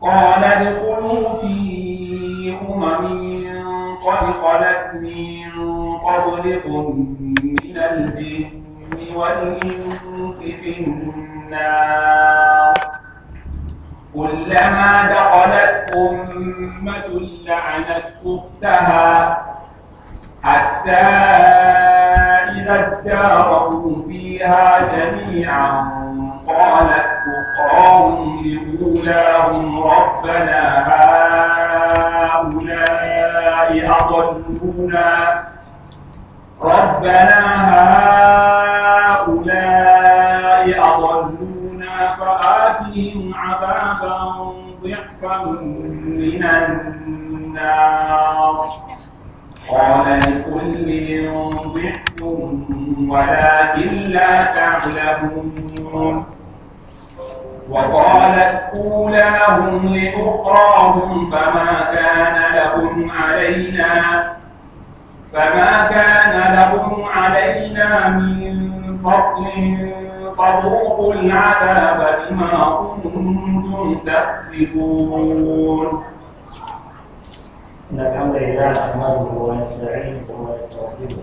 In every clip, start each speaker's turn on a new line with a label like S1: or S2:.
S1: قال ادخلوا في أمم قد خلت من قبلكم من الجن والإنس في النار كلما دخلت أمة لعنت أختها حتى إذا اداركوا فيها جميعا قالت أخراهم لأولاهم ربنا هؤلاء أضلونا ربنا هؤلاء أضلونا فآتهم عذابا ضعفا من النار قال لكل ضعف ولكن لا تعلمون وقالت أولاهم لأخراهم فما كان لهم علينا فما كان لهم علينا من فضل فذوقوا العذاب بما كنتم تكسبون إن الحمد لله نحمده ونستعينه ونستغفره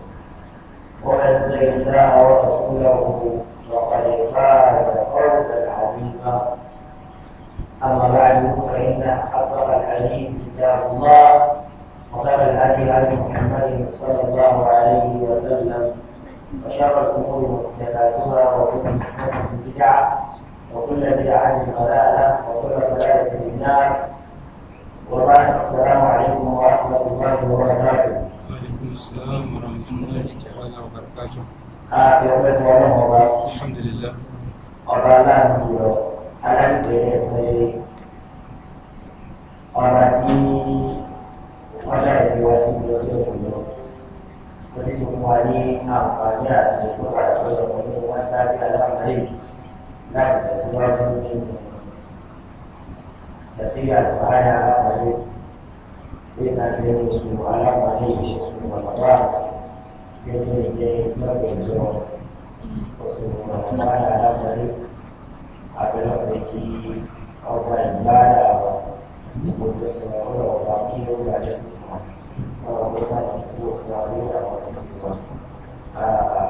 S2: ومن يطع
S1: الله ورسوله وقد فاز فوزا عظيما
S2: اما بعد فان اصدق الحديث كتاب الله وخير الهدي هدي محمد صلى الله عليه وسلم وشر الامور محدثاتها وكل محدثه بدعه وكل بدعه ضلاله وكل ضلاله في النار وبعد السلام عليكم ورحمه الله وبركاته
S1: السلام ورحمة الله rahmatulahi ta'ala wa
S2: barakatuh. a fi ọpẹ́ fún Ọlọ́run ọba. alhamdulilah. ọba aláàánú jùlọ aláǹdẹ ẹsẹ ọba tí wọn láì fi wá síbi ọjọ́ ìjọba ó láti tẹ̀síwájú nínú tẹsíwájú àgbáyà àgbáyé zai ta sai su alama ne da shi su ba ba ya ce ya yi mafi zuwa wasu mata da lamari a gina da ke kawai ba da ba ko da su na wura wa ba ki yau da ta su kuma ba wa kusa da zuwa fulani da wasu su ba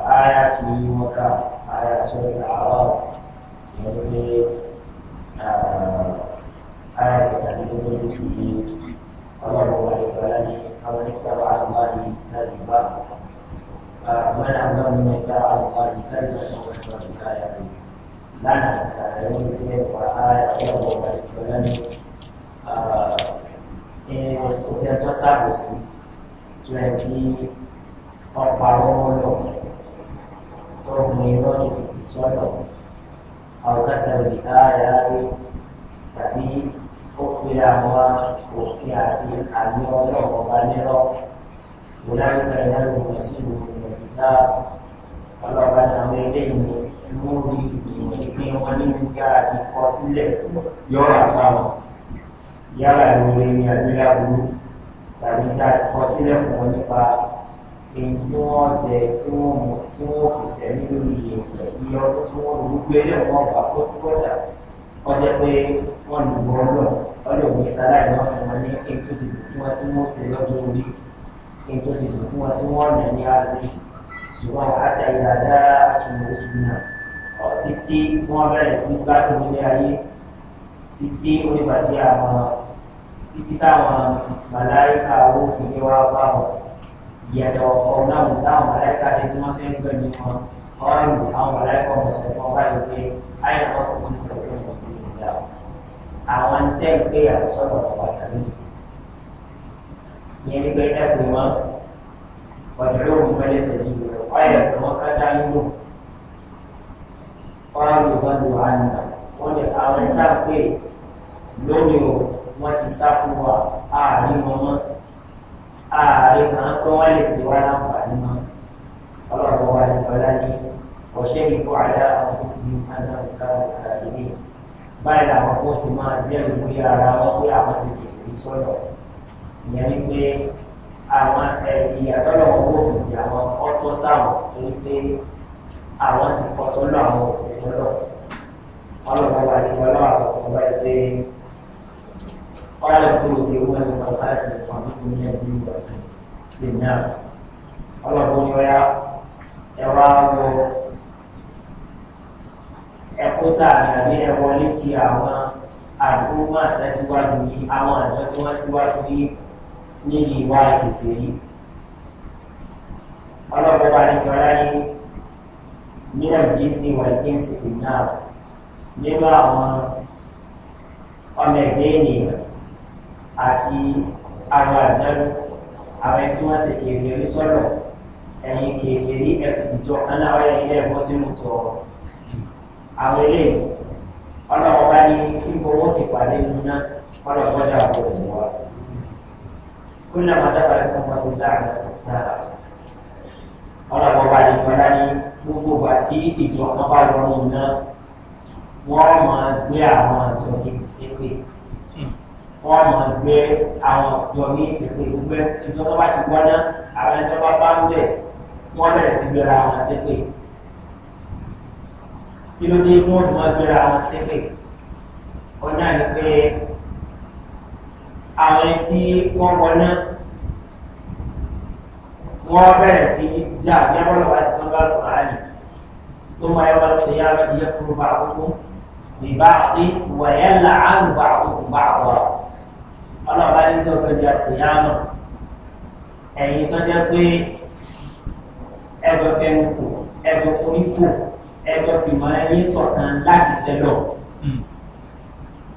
S2: aya ce yi maka aya ce wata awa yanzu ne aya da ta ne da ta ne أمره بالبلد أو من افترى على الله كذبا من أظلم من افترى على الله كذبا وكفر بآياته لا نتساءلون به وآية أمره بالبلد kò sí ẹjọ́ sáàbòsí tó ẹ kí ọ̀pá owó lọ tó mú irọ́ tó fi tì sọ́dọ̀ àwọn kẹta òdì káàyà á dé tàbí ó pe àwọn òfin àti àmì ọlọ́run ọba nírọ́ kò láńkà ìyáàrú wọn sí ìlú ìta ọlọ́ba làwọn eléyìí lórí ìwọ̀n pé wọ́n ní mísíkà àti kọ sílẹ̀ yọ̀rọ̀ àpamọ́ yálà ní adúláwò tàbí tá kọ sílẹ̀ fún wọn nípa èyí tí wọ́n jẹ tí wọ́n fi sẹ́yìn lórí ìyẹ̀kẹ̀ iye tí wọ́n rú gbé lẹ́wọ̀n ọgbà wọ́n jẹ́ pé wọ́n lù wọ́n lọ wọ́n lè wọ́n ìsárá ìwọ́n fún wọn ní kí n tó ti dùn fún wọn tí wọ́n ṣe lọ́jọ́ orí kí n tó ti dùn fún wọn tí wọ́n nà ní àti ṣùgbọ́n àtà ìdájá àtúnwò ìṣúná títí wọ́n bẹ̀rẹ̀ sí gbádùn ilé ayé títí onígbà tí àwọn títí táwọn màláìka owó fi ní wá bá wọn ìyàtọ̀ ọkọ̀ náà táwọn màláìka ṣe tí wọ́n fẹ́ gbẹ̀mí wọn ọ̀rùn àwọn màláìka ọmọ sọ̀rọ̀ wọn báyìí pé àyìnbó kò tún tẹ̀wé àwọn tẹ́ ń pé yàtọ̀ sọ́dọ̀ ọ̀pọ̀ àtàlù ìyẹn ní pé dẹ́kun wọn ọ̀dọ̀rọ̀ òun fẹ́lẹ́ sẹ́yìn ìlú rẹ̀ ọ̀yẹ̀ tó wọn ká dá nínú ọ̀rọ̀ yorùbá ló wà nù wọ́n jẹ àwọn tá a pè lónìí o wọ́n ti sá fún wa ààrin wọn mọ́ ààrin kan kọ́ wọ́n lè ṣe wá láǹfààní mọ́ ọlọ́run wa ìgbọ́lá ní ọ̀ṣẹ́ ìkọ́ àdá àwọn fún sí ní àdáhùn báyìí làwọn kó ti máa jẹ́ lórí ara wọn pé àwọn sì kìkì sọ́dọ̀ ìyẹn ni àwọn ìyàtọ̀lọ̀ wọn fìdí àwọn ọtọ́ sáwọn torí pé àwọn ti kọ́ sọ́dọ̀ àwọn wà ní báyìí pé ọlọ́run kúrò dé owó ẹ̀rọ kan láti lè ní àná ọlọ́run ní ọyá ẹkú sáàmì àbí ẹwọlé ti àwọn àdúgbò àtẹsíwájú yìí àwọn àjọ tí wọ́n síwájú yìí níbi ìwà ìkèké yìí ọlọ́pàá wa ní kọ́lá yìí nínú jíìpì wà ní ìsìnkú náà nínú àwọn ọmọ ẹ̀dẹ́ ènìyàn àti àwọn àjálù àwọn ẹni tí wọ́n sì kékeré sọ́dọ̀ ẹ̀yìn kékeré ẹ̀ ti dìjọ́ kan láwọn ẹ̀yìn ẹ̀kọ́ sínú tọ̀ọ̀ àwọn ilé ọlọ́wọ́ bá ní kíkó owó ti pàdé nínú ọlọ́wọ́ dà wọ́n lè wá. kúnlẹ̀ máa dábàá tó ń bá tó dáhà náà ọlọ́wọ́ bá ní kọ́lá ní gbogbo àti ìjọ kan bá lọ ní iná wọ́n máa gbé àwọn àjọ kejì sépè wọ́n máa gbé àwọn àjọ ní ìsèpè gbogbo ìjọ tó bá ti gbọ́ná àwọn ìjọba bá ń bẹ̀ wọ́n bẹ̀rẹ̀ sí gbéra àwọn sépè kí ló dé tí wọ́n fi máa gbéra wọn síbẹ̀ wọn náà ni pé àwọn tí wọ́n wọná wọ́n bẹ̀rẹ̀ sí jà ní abọ́lọ́wà ti sọ́gbà lọ́wọ́ tó máa yẹ wọ́n lè yára ti yẹ kúrò bá àkókò ìbá àti wọ̀nyẹ́ làánù bá àkókò bá àkọ́rọ̀ ọlọ́ọ̀bá ní tí o fẹ́ di àkóyámọ̀ ẹ̀yin tó jẹ́ pé ẹjọ́ fẹ́ ń kù ẹjọ́ forí kù ẹjọ́ fìmọ̀ ẹyin sọ̀kan láti sẹ́lọ̀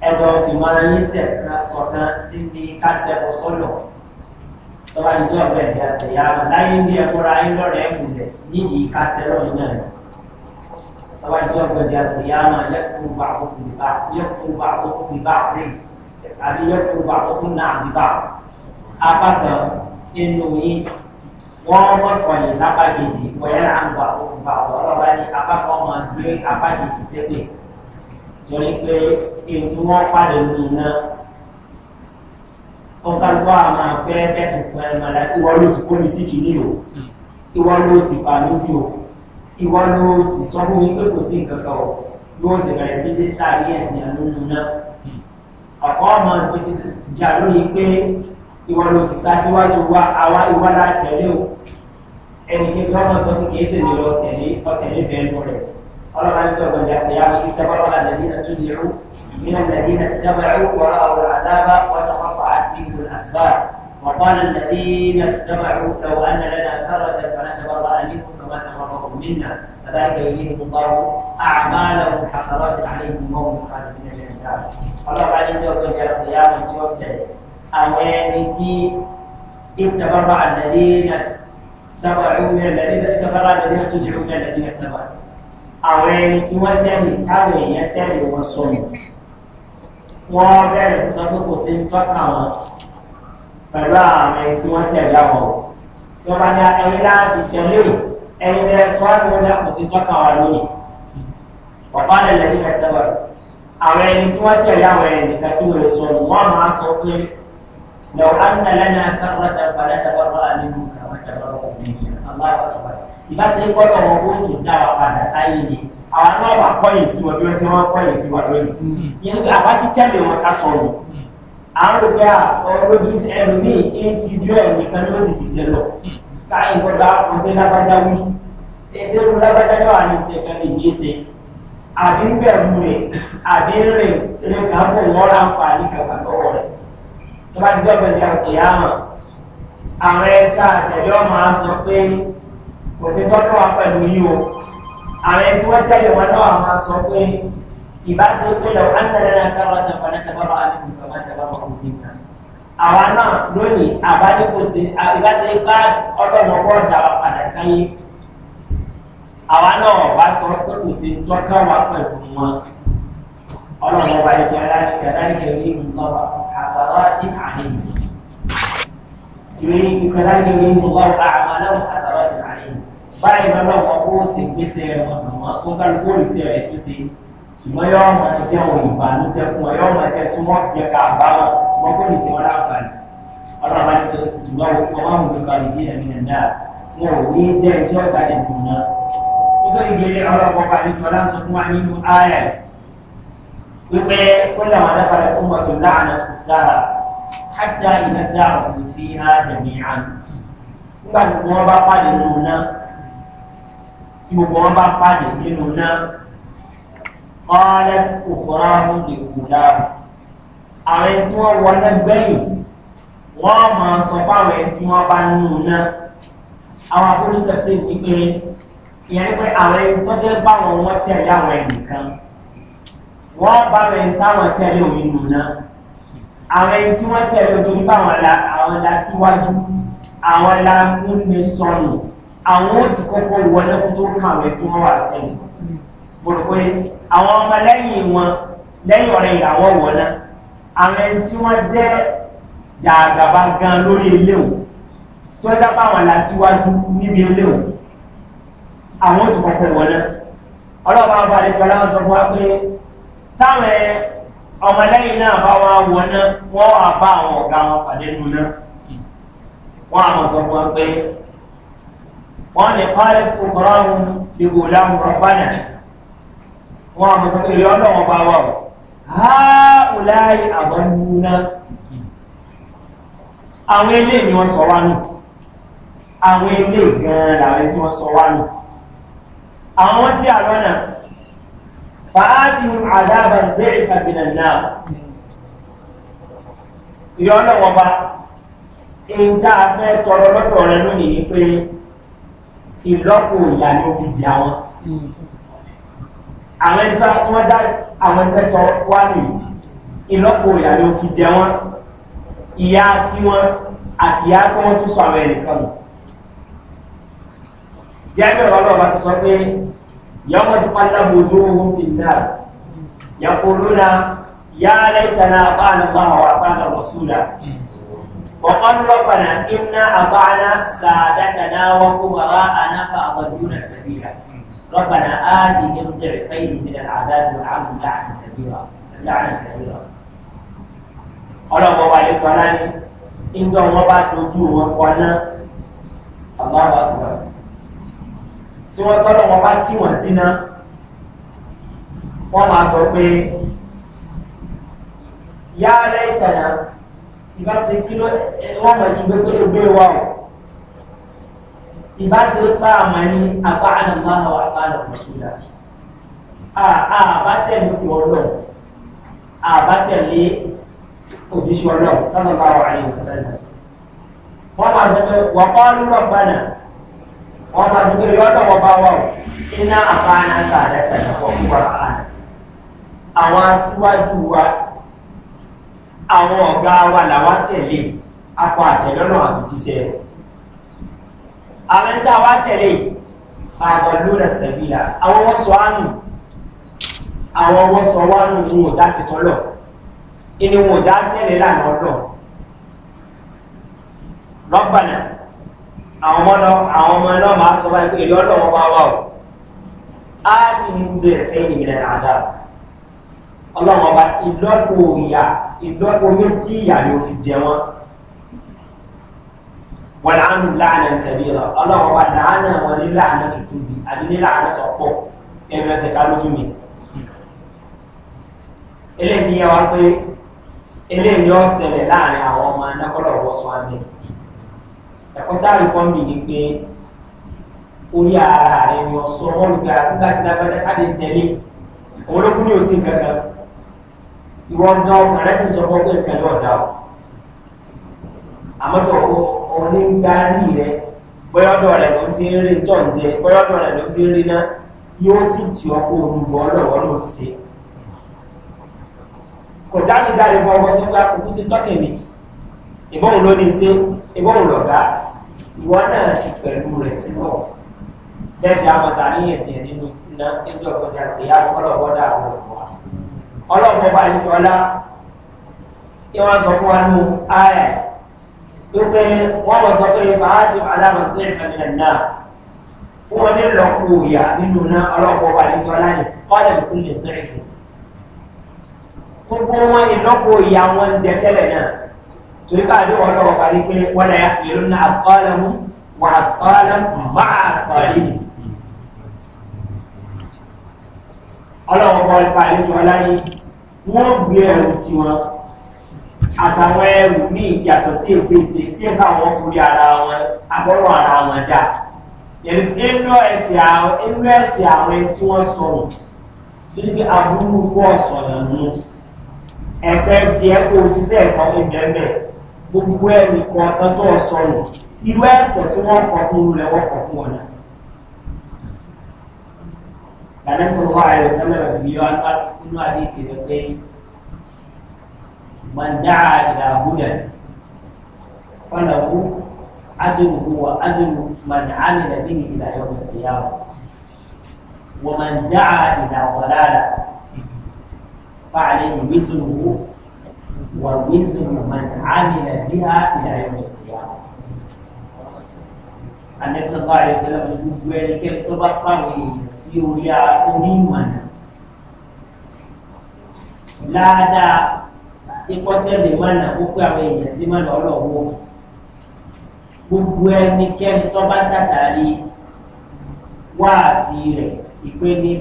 S2: ẹjọ́ fìmọ̀ ẹyin sọ̀kan níbi kásẹ̀kọ̀ sọ́lọ̀ tọ́ba ìjọ ọ̀gbẹ́ ẹ̀dẹ́ àtẹ̀yà láyé bí ẹ̀kọ́ra ayé lọ́rẹ̀ ẹ̀kùnlẹ̀ nídìí kásẹ̀lọ̀ yìí náà tọ́ba ìjọ ọ̀gbẹ́ ẹ̀dẹ́ àtẹ̀yà máa yẹ́kùn bá àkókò bíbá rí àbí yẹ́kùn bá àkókò náà bíbá apá kan nínú yín wọ́n mọ̀ kọ̀yìn sápá kejì wọ́yẹ́ là ń gbà fún fa ọ̀rọ̀ bá ní apá kan máa gbé apá kejì sẹ́gbẹ̀ torí pé èyí tí wọ́n pàdé ní iná ó ká lọ́ àwọn afẹ́ ẹ̀sùn kan ẹ̀ mọ̀lá ìwọ ló sì kó mi sí kìíní o ìwọ ló sì fà mí sí o ìwọ ló sì sọ mi pé kò sí nǹkan kan o bí wọ́n sì bẹ̀rẹ̀ sí sáré ẹ̀sìn náà ọ̀pọ̀ ọmọ ìpèjì jà lórí pé ìwọ ló sì sásíwájú wa àwa ìwọ la tẹ̀lé o ẹnì kejì ọmọ sọ pé kìí sèmi lọ tẹ̀lé ọtẹ̀lé bẹ́ẹ̀ lọ rẹ̀ ọlọ́run àti ọ̀gbọ̀n ìyá ìyá mi ìtẹ́wọ́ lọ́la nàbí nà tún yẹ̀rù من الذين اتبعوا ورأوا العذاب وتقطعت بهم الأسباب وقال الذين اتبعوا لو أن لنا كرة فنتبرأ منهم كما تبرأوا منا فذلك يريهم الله أعمالهم حسرات عليهم وهم
S1: خالدين من النار.
S2: الله تعالى يقول يا القيامة توسع àwọn ẹni tí ìtàbára àlẹ́dí náà tábàrú mẹ́lẹ́dí náà ìtàbára àlẹ́dí náà tó dìrú mẹ́lẹ́dí náà tábàrú àwọn ẹni tí wọ́n tẹ̀lé táwọn èèyàn tẹ̀lé wọn sọnù wọ́n bẹ̀rẹ̀ sí sọ pé kò sí ń tọ́ka wọn pẹ̀lú àwọn ẹni tí wọ́n tẹ̀lé àwọn tí wọ́n bá ní ẹyin láti tẹ̀lé ẹyin bẹ́ẹ̀ sọ àwọn ẹni tọ́ka wọn lónìí bàbá lẹ̀lẹ́ ní ẹ̀tẹ́wọ̀ àwọn ẹni tí wọ́n tẹ̀lé àwọn ẹni kàtí wọ́n sọnù wọ́n máa sọ pé لو أن لنا كرة فنتبرأ منهم كما تبرأوا منا الله أكبر ìbá ṣe gbọ́dọ̀ wọn ó tún dá wa padà sáyé ni àwọn náà wà kọ́yìn sí wọn bí wọ́n ṣe wọ́n kọ́yìn sí wa lónìí yẹn pé àwa ti tẹ́lẹ̀ wọn ká sọ̀rọ̀ àwọn rò pé ọlójú ẹlòmíì ẹ ti dú ẹ̀ nìkan ló sì fi ṣe lọ ká ìgbọ́dọ̀ àwọn tẹ́ wí ẹsẹ̀ ló lágbájá náà wà ní ìṣẹ̀kan lè gbé ṣe àbí ń bẹ̀rù rẹ̀ àbí ń rìn rẹ̀ kàn bò wọ́n ra ń fa àníkàkà rẹ̀ tó bá ti jọ́ bẹ̀rẹ̀ àkèyàmọ̀ àwọn ẹ̀ta àtẹ̀lé ọmọ á sọ pé kò sí tọ́jú wa pẹ̀lú yìí o àwọn ẹ̀tí wọ́n tẹ̀lé wọn náà máa sọ pé ìbáṣe pé lọ́wọ́ ánàlẹ́nà kárọ̀ tẹ̀fọ́nà tẹ̀fọ́nà àdìgbò bàbá tẹ̀fọ́nà ọ̀gbìn náà àwa náà lónìí àbádìkòsí ìbáṣe ipá ọlọ́run ọwọ́ ọ̀dà wa padà sáyé àwa náà wá sọ pé kò sí tọ́ká wa pẹ̀lú wọn ọlọ́run ọba ìkẹrẹ́ ìkẹrẹ́ ìkẹrẹ́ ìlú náà wà fún حسرات عليه يريد كذلك يريد الله أعمالهم حسرات عليه báyìí bá lọ́wọ́ ó sì gbèsè ọ̀nà tó bá lọ́wọ́ olùsí rẹ̀ tó ṣe ṣùgbọ́n yọ́ ọmọ jẹ́ òun ìbànújẹ́ fún ọ yọ́ ọmọ jẹ́ tí wọ́n jẹ́ ká àbáwọ̀ wọ́n kò ní sí wọn láǹfààní ọlọ́run bá ní tó ṣùgbọ́n ọmọ àwọn òbí kan nìjí ẹ̀mí nà náà wọn ò ní jẹ́ ẹjọ́ jáde nù náà nítorí ìgbéyàwó ọlọ́pàá nípa láǹsọ fún wa nínú ayẹyẹ wípé kólà wọn dábàrà tó ń wà tó láàánà tó dára hajjá iná dára tó fi há jẹ̀míhàn nígbà tí wọ́n bá pàdé nínú náà tí gbogbo wọn bá pàdé nínú náà kọ́lẹ́t òkúra ọ̀hún lè kú dára àwọn ẹni tí wọ́n wọlé gbẹ̀yìn wọ́n máa sọ fáwọn ẹni tí wọ́n bá nínú náà àwọn afúnitẹ́sí ní pé ìyẹn pé àwọn ẹni tó jẹ́ báwọn wọ́n tẹ̀lé àwọn ẹnìkan wọ́n bá rẹ̀ táwọn tẹ́lẹ̀ omi nùnà àwọn ẹni tí wọ́n tẹ́lẹ̀ ojú nípa àwọn la síwájú àwọn la múni sọnù àwọn ó ti kọ́kọ́ wọlé kó tó kàwé tí wọ́n wà tẹ́lẹ̀ pòròpé àwọn ọmọ lẹ́yìn wọn lẹ́yìn ọ̀rẹ́ ìràwọ̀ wọlé àwọn ẹni tí wọ́n jẹ́ jàgàbá gan lórí iléun tó dábà àwọn la síwájú níbi iléun àwọn ó ti kọ́kọ́ wọlé ọlọ́pàá balẹ̀ pẹ̀lú àwọn sọ fún wa pé táwọn ọmọlẹ́yìn náà bá wọn wọ náà wọ́n wà bá wọn wọ́n wọn wọ́n lè pálẹ̀ fún kọ́rọ́ọ̀hún ìwò láwọn wọ́n àmọ̀ sọ pé ìrẹ́ ọlọ́wọ́n bá wà ó ha àwọn ilé ni sọ nù àwọn ilé gan-an fàátìhùn àdábà bẹ́ẹ̀ kàbínà náà ìyọ́nà wọn bá ìta fẹ́ tọrọ lọ́dọ̀ rẹ lónìí ni pé ìlọ́pù ìyá ni ó fi di àwọn àwọn ẹ̀ta tí wọ́n já àwọn ẹ̀ta sọ wá nìyí ìlọ́pù ìyá ni ó fi ìyá tí wọ́n àti ìyá tí wọ́n tún sọ àwọn ẹnìkan nù. bí ẹgbẹ́ ọlọ́ọ̀bá ti sọ pé يوم تقلب وجوههم في النار يقولون يا ليتنا اطعنا الله واطعنا الرسول وقالوا ربنا انا اطعنا سادتنا وكبراءنا فاضلونا السبيل ربنا اتهم ضعفين من العذاب والعمل لعنه كبيره لعنه كبيره ọlọ́wọ́ wa yìí kọ́lá ni ń tọ́ wọn bá dojú wọn kọ́ná àbáwá kọ́lá tí wọ́n tọ́lọ̀ wọn bá tí wọ́n síná wọ́n máa sọ pé yá alẹ́ ìtàyà ìbáṣe kí ló wọ́n mọ̀ ju pé gbé wa o ìbáṣe pa àmọ́ ní àbá àdàmáhà wà bá àdàmú ṣúlá àbá tẹ̀lé ọlọ́ àbá tẹ̀lé òjíṣẹ́ ọlọ́ sábà bá wà ní ìwòsàn wọ́n máa sọ pé wà á lúrọ̀ gbàdàn wọn máa sọ pé lọ́dọ̀ wọn bá wà ó iná àbáná sàdẹ́tà ṣàpọ̀ fún wa àná àwọn aṣíwájú wa àwọn ọ̀gá wa làwọn tẹ̀lé akọ àtẹ̀lọ́nà àtúntíṣẹ́ rẹ̀ àwọn tá a wá tẹ̀lé àdàlúrà sẹ̀bílà àwọn wọ́n sọ ánù àwọn wọ́n sọ wánù wọn ò já sí tọ́lọ̀ ìní wọn ò já tẹ̀lé lànà ọlọ́ọ̀ rọ́bànà àwọn ọmọ lọ àwọn ọmọ lọ máa sọ báyìí pé èlò ọlọ́wọ́ bá wà o á ti ń dé ẹ̀fẹ́ ìnìyàn àdá ọlọ́wọ́ bá ìlọ́pọ̀ ìyà ìlọ́pọ̀ méjì ìyà ni ó fi jẹ wọn wọn là ń láàánà tẹ̀lé rẹ ọlọ́wọ́ bá láàánà wọn ní láàánà tuntun bí àbí ní láàánà tó pọ̀ ẹnu ẹsẹ̀ ká lójú mi eléyìí yẹ wá pé eléyìí yọ sẹlẹ̀ láàrin àwọn ọmọ anákọ́lọ̀ ẹ̀kọ́ tá a rí kọ́ńbì ni pé orí ara rẹ̀ ni ọ̀sọ́ wọn ló gba nígbà tí lágbájá sáti tẹ̀lé òun ló kú ní òsín kankan ìwọ gan ọkàn rẹ ti sọ fún ọgbẹ́ nǹkan yóò dá o àmọ́ tó ń gbá rí rẹ bóyá rẹ̀ ló ti ń rí tó ń jẹ bóyá rẹ̀ ló ti ń rí náà yóò sì tì ọ́ olùgbọ́ lọ́wọ́ ló ṣiṣẹ́ kò jáde fún ọmọ sọgbà kókó sí tọ́kẹ̀ ìbọn òun ló ní í ìwọ́n lọ̀gá ìwọ́ náà ti pẹ̀lú rẹ̀ sí náà lẹ́sìn àmọ̀sá níyẹn tiẹ̀ nínú iná níjọ́ ọ̀gbọ́dá ìyá ọlọ́gbọ́dá àwọn ọ̀pọ̀ ọlọ́pọ̀ bá ní ọlá ìwọ́n sọ fún wa nù ààrẹ wípé wọ́n mọ̀ sọ pé fàáàtì aláàmọ̀tẹ́ ìfẹ̀mìnà náà fún wọn ní lọ́pọ̀ òyà nínú náà ọlọ́pọ̀ bá ní ọlá ní ọ̀dẹ̀ kúlẹ̀ tẹ́rẹ̀fẹ̀ gbogbo wọn ìlọ́pọ̀ òyà wọn jẹ tẹ́lẹ̀ náà torí káàdé wọn lọ́wọ́ parí pé wọ́n lẹ́yà ìlú ní àkọọ́lẹ̀mú wọ́n àkọọ́lẹ̀mú bá àkọọ́lẹ̀ yìí ọlọ́wọ́ bọ́ parí kí wọ́n láyé wọ́n gbé ẹrù tiwọn àtàwọn ẹrù ní ìyàtọ̀ sí èsè ìtì tí ẹ àwọn tí wọ́n sọ̀rọ̀ tó ní aburú kó ọ̀sọ̀ lẹ́nu ẹsẹ̀ tiẹ̀ kó o ṣiṣẹ́ ẹ̀sán gbogbo ẹnì kọ̀ọ̀kan tó sọnù irú ẹ̀sẹ̀ tí wọ́n kọ̀ fún un rẹ̀ wọ́n kọ̀ fún ọ̀nà. Lànà sọ̀rọ̀ wà ayọ̀ sọ́nà rẹ̀ bí wọ́n bá nínú àdéhìsì rẹ̀ pé mọ̀ndáà ìlàhúnà ìwé sọ̀rọ̀ wa mithlu man amila biha ila yaumi lqiyama anabi sal llah alih wa sallam ní gbogbo ẹnikẹ́ni tó bá pàwọn èèyàn sí orí onímọ̀nà láadáa ikọ́tẹ́lẹ̀ mọ̀nà ó pé àwọn èèyàn sí mọ̀nà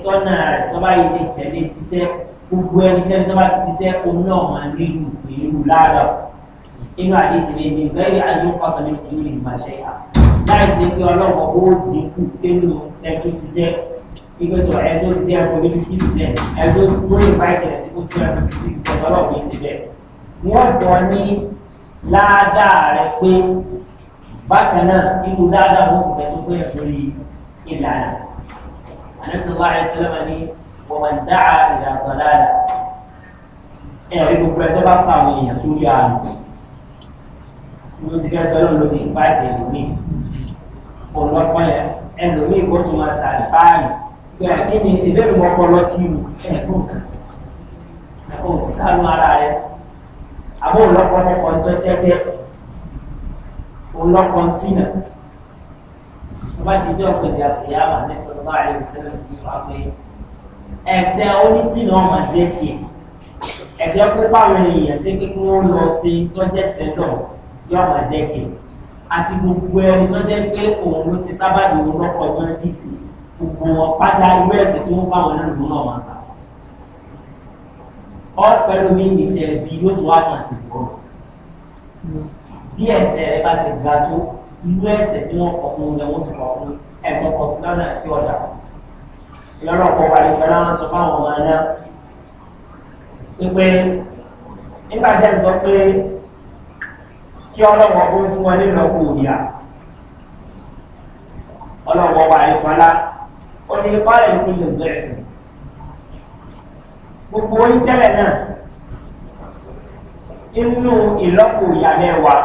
S2: sona toba ẹnikẹ́ni gbogbo ẹnikẹ́ni tó bá ti ṣiṣẹ́ òun náà máa nílùú ìlú láàárọ̀ inú àdéhùn ní ní bẹ́ẹ̀ ayé ń pàṣẹ nínú ìlú ìmọ̀ṣẹ́ yà láì ṣe pé ọlọ́wọ́ ó dínkù nínú tẹ́tù ṣiṣẹ́ ìgbẹ́ tó ṣiṣẹ́ ẹ̀kọ́ fifty percent ẹ tó tó lè kó sí ẹ̀kọ́ fifty percent ọlọ́wọ́ yìí ṣe bẹ́ẹ̀. wọ́n fọ ní ládàá rẹ pé bákan náà inú ládàá wọ́n sì fẹ́ tó pé sórí ìlànà ومن دعا إلى ضلالة ẹ̀rí gbogbo ẹjọ́ bá pa àwọn èèyàn sórí ààrùn ló ti fẹ́ sọ lóun ló ti ń pa ìtẹ̀ ìlú mi òun lọ́pọ̀ yẹn ẹlòmíì kó tún máa sàrì báyìí pé kí ni ìbéèrè mọ́ ọpọlọ tí ìlú ẹ̀kọ́ ẹ̀kọ́ òsì sánú ara rẹ àbó òlọ́pọ̀ nípa ọjọ́ tẹ́tẹ́ òlọ́pọ̀ sínà wọ́n bá dijọ́ pẹ̀lú àpèyàwó àti ẹ̀sọ́ bá ẹ̀sẹ̀ onísìnà ọmọ jẹ́ tiẹ̀ ẹ̀sẹ̀ pípa àwọn èèyàn sí pé kí wọ́n lọ sí tọ́jẹ́sẹ̀ náà yọ ọmọ jẹ́ tiẹ̀ àti gbogbo ẹni tọ́jẹ́ pé òun ló ṣe sábàbí òun lọ́kọ̀ ọjọ́ tí ì sí gbogbo wọn pátá irú ẹ̀sẹ̀ tí wọ́n fáwọn náà lòun náà máa ta ọ pẹ̀lú mi nìṣẹ́ bí ló tún wá kàn sí ìdúró bí ẹ̀sẹ̀ rẹ bá ṣe gbà tó irú ẹ̀sẹ̀ tí wọ́n kọ̀ fún ẹ wọ́n ti kọ̀ fún ẹ̀tọ́ kọ̀ fún lánàá tí ọ̀dà kọ̀ lọ́rọ̀ kọ́ wà lẹ́fẹ̀ẹ́ náà sọ fáwọn ọmọ náà wípé nígbà tí ẹ̀ sọ pé kí ọlọ́wọ́ ó ń fún wọn nílọ́kù òdìyà ọlọ́wọ́ wà lẹ́fẹ̀ẹ́ náà ó ní ipá ìlú lè bẹ̀rẹ̀ fún gbogbo oyin tẹ́lẹ̀ náà inú ìlọ́kù ìyá mẹ́wàá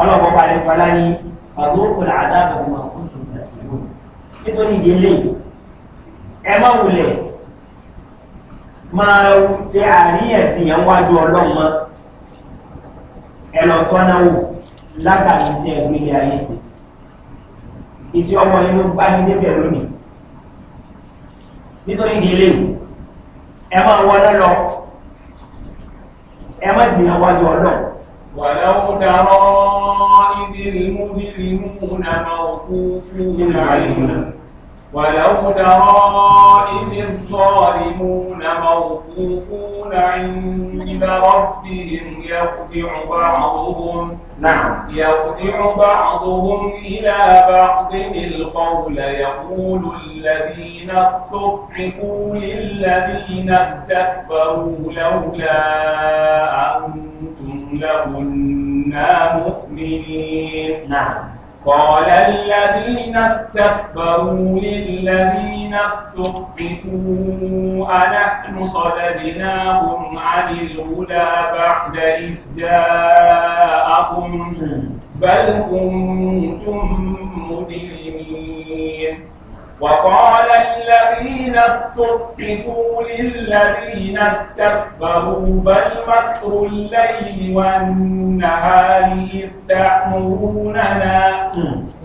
S2: ọlọ́wọ́ wà lẹ́fẹ̀ẹ́ náà ní kò láàdá àbẹ̀wò àkójọ ìgbà sí lónìí nítorí ìdí eléyìí ẹ má wulẹ̀ máa ṣe àríyànjiyàn wájú ọlọ́run mọ́ ẹ látàrí tẹ ẹ̀rú ilé ayé sí iṣẹ́ ọmọ inú bá ní débẹ̀ lónìí nítorí ìdí ẹ
S1: máa wọlé lọ ẹ má jìyàn wájú ọlọ́run. ولو ترى إذ المجرمون موقوفون على ولو ترى إذ الظالمون موقوفون عند ربهم يرجع بعضهم نعم يرجع بعضهم إلى بعض القول يقول الذين استضعفوا للذين استكبروا لولا أنتم لكنا مؤمنين نعم قال الذين استكبروا للذين استضعفوا أنحن صددناهم عن الهدى بعد إذ جاءهم بل كنتم مدلين وقال الذين استضعفوا للذين استكبروا بل مكر الليل والنهار إذ تأمروننا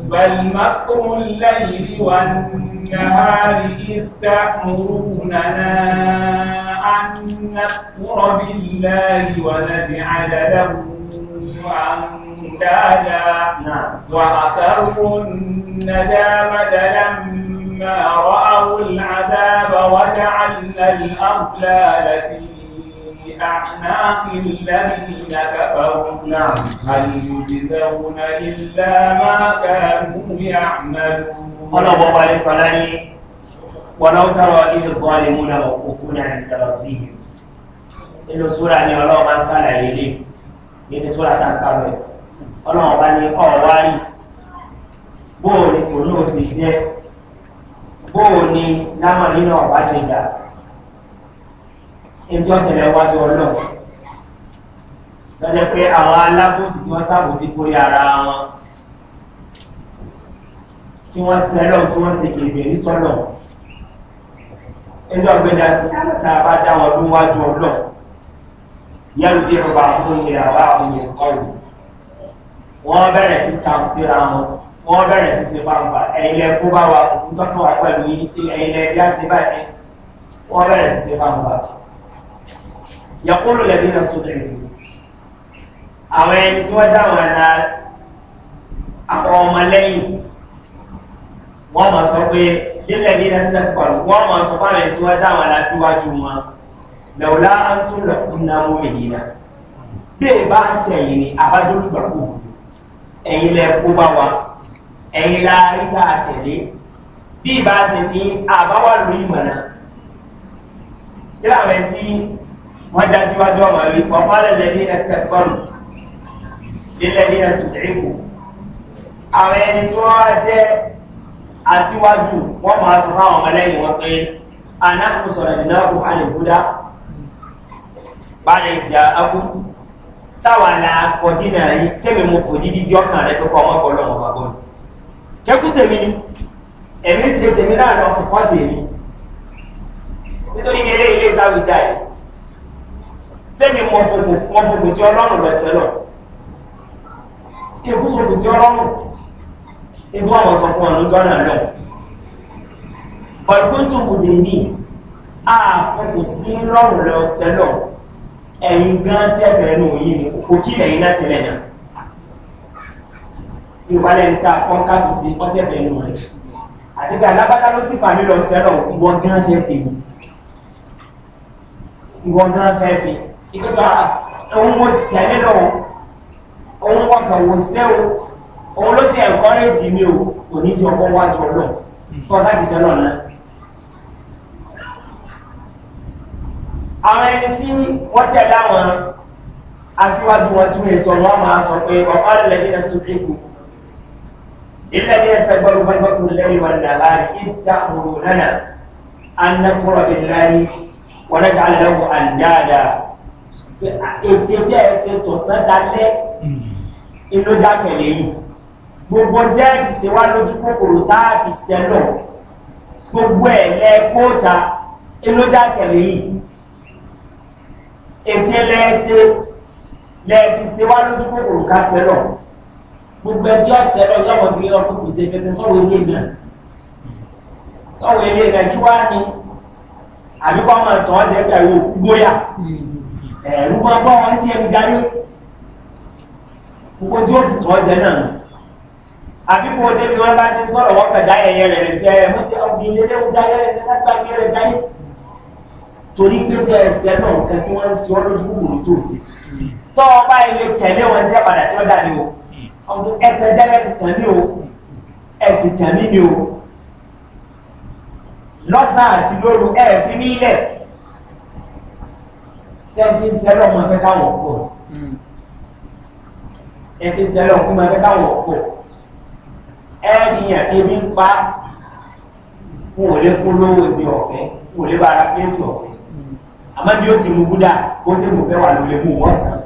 S1: بل مكر الليل والنهار إذ تأمروننا أن نكفر بالله ونجعل له أندادا نعم. وأسروا الندامة لما فلما رأوا العذاب وجعلنا الأغلال في أعناق الذين كفروا هل يجزون إلا ما كانوا يعملون الله عليك علي
S2: ولو ترى إذ الظالمون موقوفون عند ربهم إلا سورة أن الله ما سال عليه ليس سورة تنكره الله أن يقوى بوله كله سيجيه bóò ni lámà nínú ọ̀pá ti dà ètò ọ̀sẹ̀lẹ̀ wájú ọlọ́run lọ́jọ́ pé àwọn alábòsí tí wọ́n sàbòsí kórí ara wọn tí wọ́n sẹ́lọ̀ tí wọ́n sèkè ìbèrí sọ́lọ̀ ẹjọ́ gbẹ́dà tá a bá dá wọn ló wájú ọlọ́ yẹ́rù tí ìrọ̀bà fún ìràbà àwọn ènìyàn kọ́rù wọ́n bẹ̀rẹ̀ sí tàbí síra wọn wọ́n bẹ̀rẹ̀ sí ṣe pàǹpà ẹ̀yìn lẹ kó bá wa kò sí tọ́kàn wá pẹ̀lú ẹ̀yìn lẹ já sí báyìí wọ́n bẹ̀rẹ̀ sí ṣe pàǹpà. yàkúrò lẹ́bí náà sódà ìlú àwọn ẹni tí wọ́n dá àwọn ẹ̀dá àwọn ọmọlẹ́yìn wọ́n mọ̀ sọ pé lílẹ̀ ní ẹsẹ̀ pọ̀lú wọ́n mọ̀ sọ fáwọn ẹni tí wọ́n dá àwọn ẹ̀dá síwájú wọn lẹ́wọ̀lá ń tún lọ́kùn náà mú mi nínà bí bá ṣẹ̀yìn ni abájọ́lùgbà ẹ̀yìn la rí tá a tẹ̀lé bí ìbá ṣe ti àbáwá lórí ìmọ̀nà kí làwọn ẹ̀ tí wọ́n já síwájú ọmọ rí ọ̀pá lẹ́lẹ́dí ẹ̀sẹ̀ kọ́nù lẹ́lẹ́dí ẹ̀sẹ̀ tẹ̀rífò àwọn ẹni tí wọ́n jẹ́ aṣíwájú wọ́n máa sọ fáwọn ọmọlẹ́yìn wọn pé anáhùn sọ̀rọ̀ ìnáwó jẹ́kúsẹ̀ mi ẹ̀mí ń ṣe tèmi láàrin ọkùn kọ́sẹ̀ mi nítorí ní ilé ilé sáwìjà yìí sẹ́mi mọ fògùn sí ọlọ́run lọ́sẹ̀ lọ ìkúsòkù sí ọlọ́run ètò àwọn sọ fún ọ̀nà jọ́nà lọ ọ̀dùnkún tó kù dì ní àfògùn sí ọlọ́run lọ́sẹ̀ lọ ẹ̀yin gan tẹ́fẹ̀ẹ́ nù yìí kò kí lẹ́yìn láti lẹ́yìn náà ìwálẹ̀ ń ta kọ́ńkàtù sí ọ̀tẹ̀bẹ̀ ẹnu rẹ̀ àti pé alábàdá ló sì fà mí lọ sẹ́rọ̀ ìwọ gán fẹ́sì ìwọ gán fẹ́sì ìpẹ́tọ́ òun mo sì tẹ̀lé lọ òun wọ̀kàn wò sẹ́ o òun ló sì ẹ̀ńkọ́rẹ́jì mi o òní jọ ọkọ̀ wájú ọlọ́ tí wọ́n sáti sẹ́rọ̀ náà. àwọn ẹni tí wọ́n tẹ̀lé àwọn aṣíwájú wọn tún lè sọ wọ́n máa sọ pé ọ̀pá lẹ́yìn ẹ̀sùn ìfún الذي يستكبر من مكر الليل والنهار إذ تأمروننا أن نكفر بالله ونجعل له أندادا ètè tí ẹ ṣe tọ̀sán dalẹ́ ìlójà tẹ̀lé yìí gbogbo jẹ́ ìṣèwá lójú kòkòrò tá a fi ṣẹ lọ gbogbo ẹ̀ lẹ kóòta ìlójà tẹ̀lé yìí ètè lẹ lẹ fi lójú kòkòrò ká ṣẹ lọ gbogbo ẹjọ́ ẹsẹ̀ lọ yọ̀wọ̀ fi ọkọ̀ pèsè pẹpẹ sọ̀rọ̀ ilé náà sọ̀rọ̀ ilé náà kí wá ní àbíkọ́ máa tàn án jẹ́ pé àwọn òkú gbóyà ẹ̀rú máa bọ́ wọn tí ẹnu jáde gbogbo tí ó fi tàn án jẹ náà àbíkọ́ òde ni wọ́n bá ti sọ̀rọ̀ wọ́n kàn dá ẹ̀yẹ rẹ̀ rẹ̀ pé ẹ̀mú ọ̀gbìn ilé lẹ́wọ̀n jáde ẹ̀sẹ̀ sápá gbé rẹ̀ jáde torí gbèsè ẹsẹ̀ náà nǹkan tí wọ́n ń sọ lójú gbogbo tó ń se tọ́ ọ ọmọ sọ ẹtẹ jẹ ẹsì tẹmí o ẹsì tẹmí ni o lọ́sàn àti lóru ẹ̀ẹ́fín nílẹ̀ sẹ́ńtì ń sẹ́lọ̀ ọmọ ẹgbẹ́ káwọn pọ̀ ẹ̀ẹ́fín sẹ́lọ̀ ọmọ ẹgbẹ́ káwọn pọ̀ ẹ̀ẹ́nìyàn ebi ń pa wọn ò lè fún lówó di ọ̀fẹ́ wọn ò lè bára pé ti ọ̀fẹ́ àmọ́ bí ó ti mú gúdà ó sì mú fẹ́ wà ló mú wọ́n sàn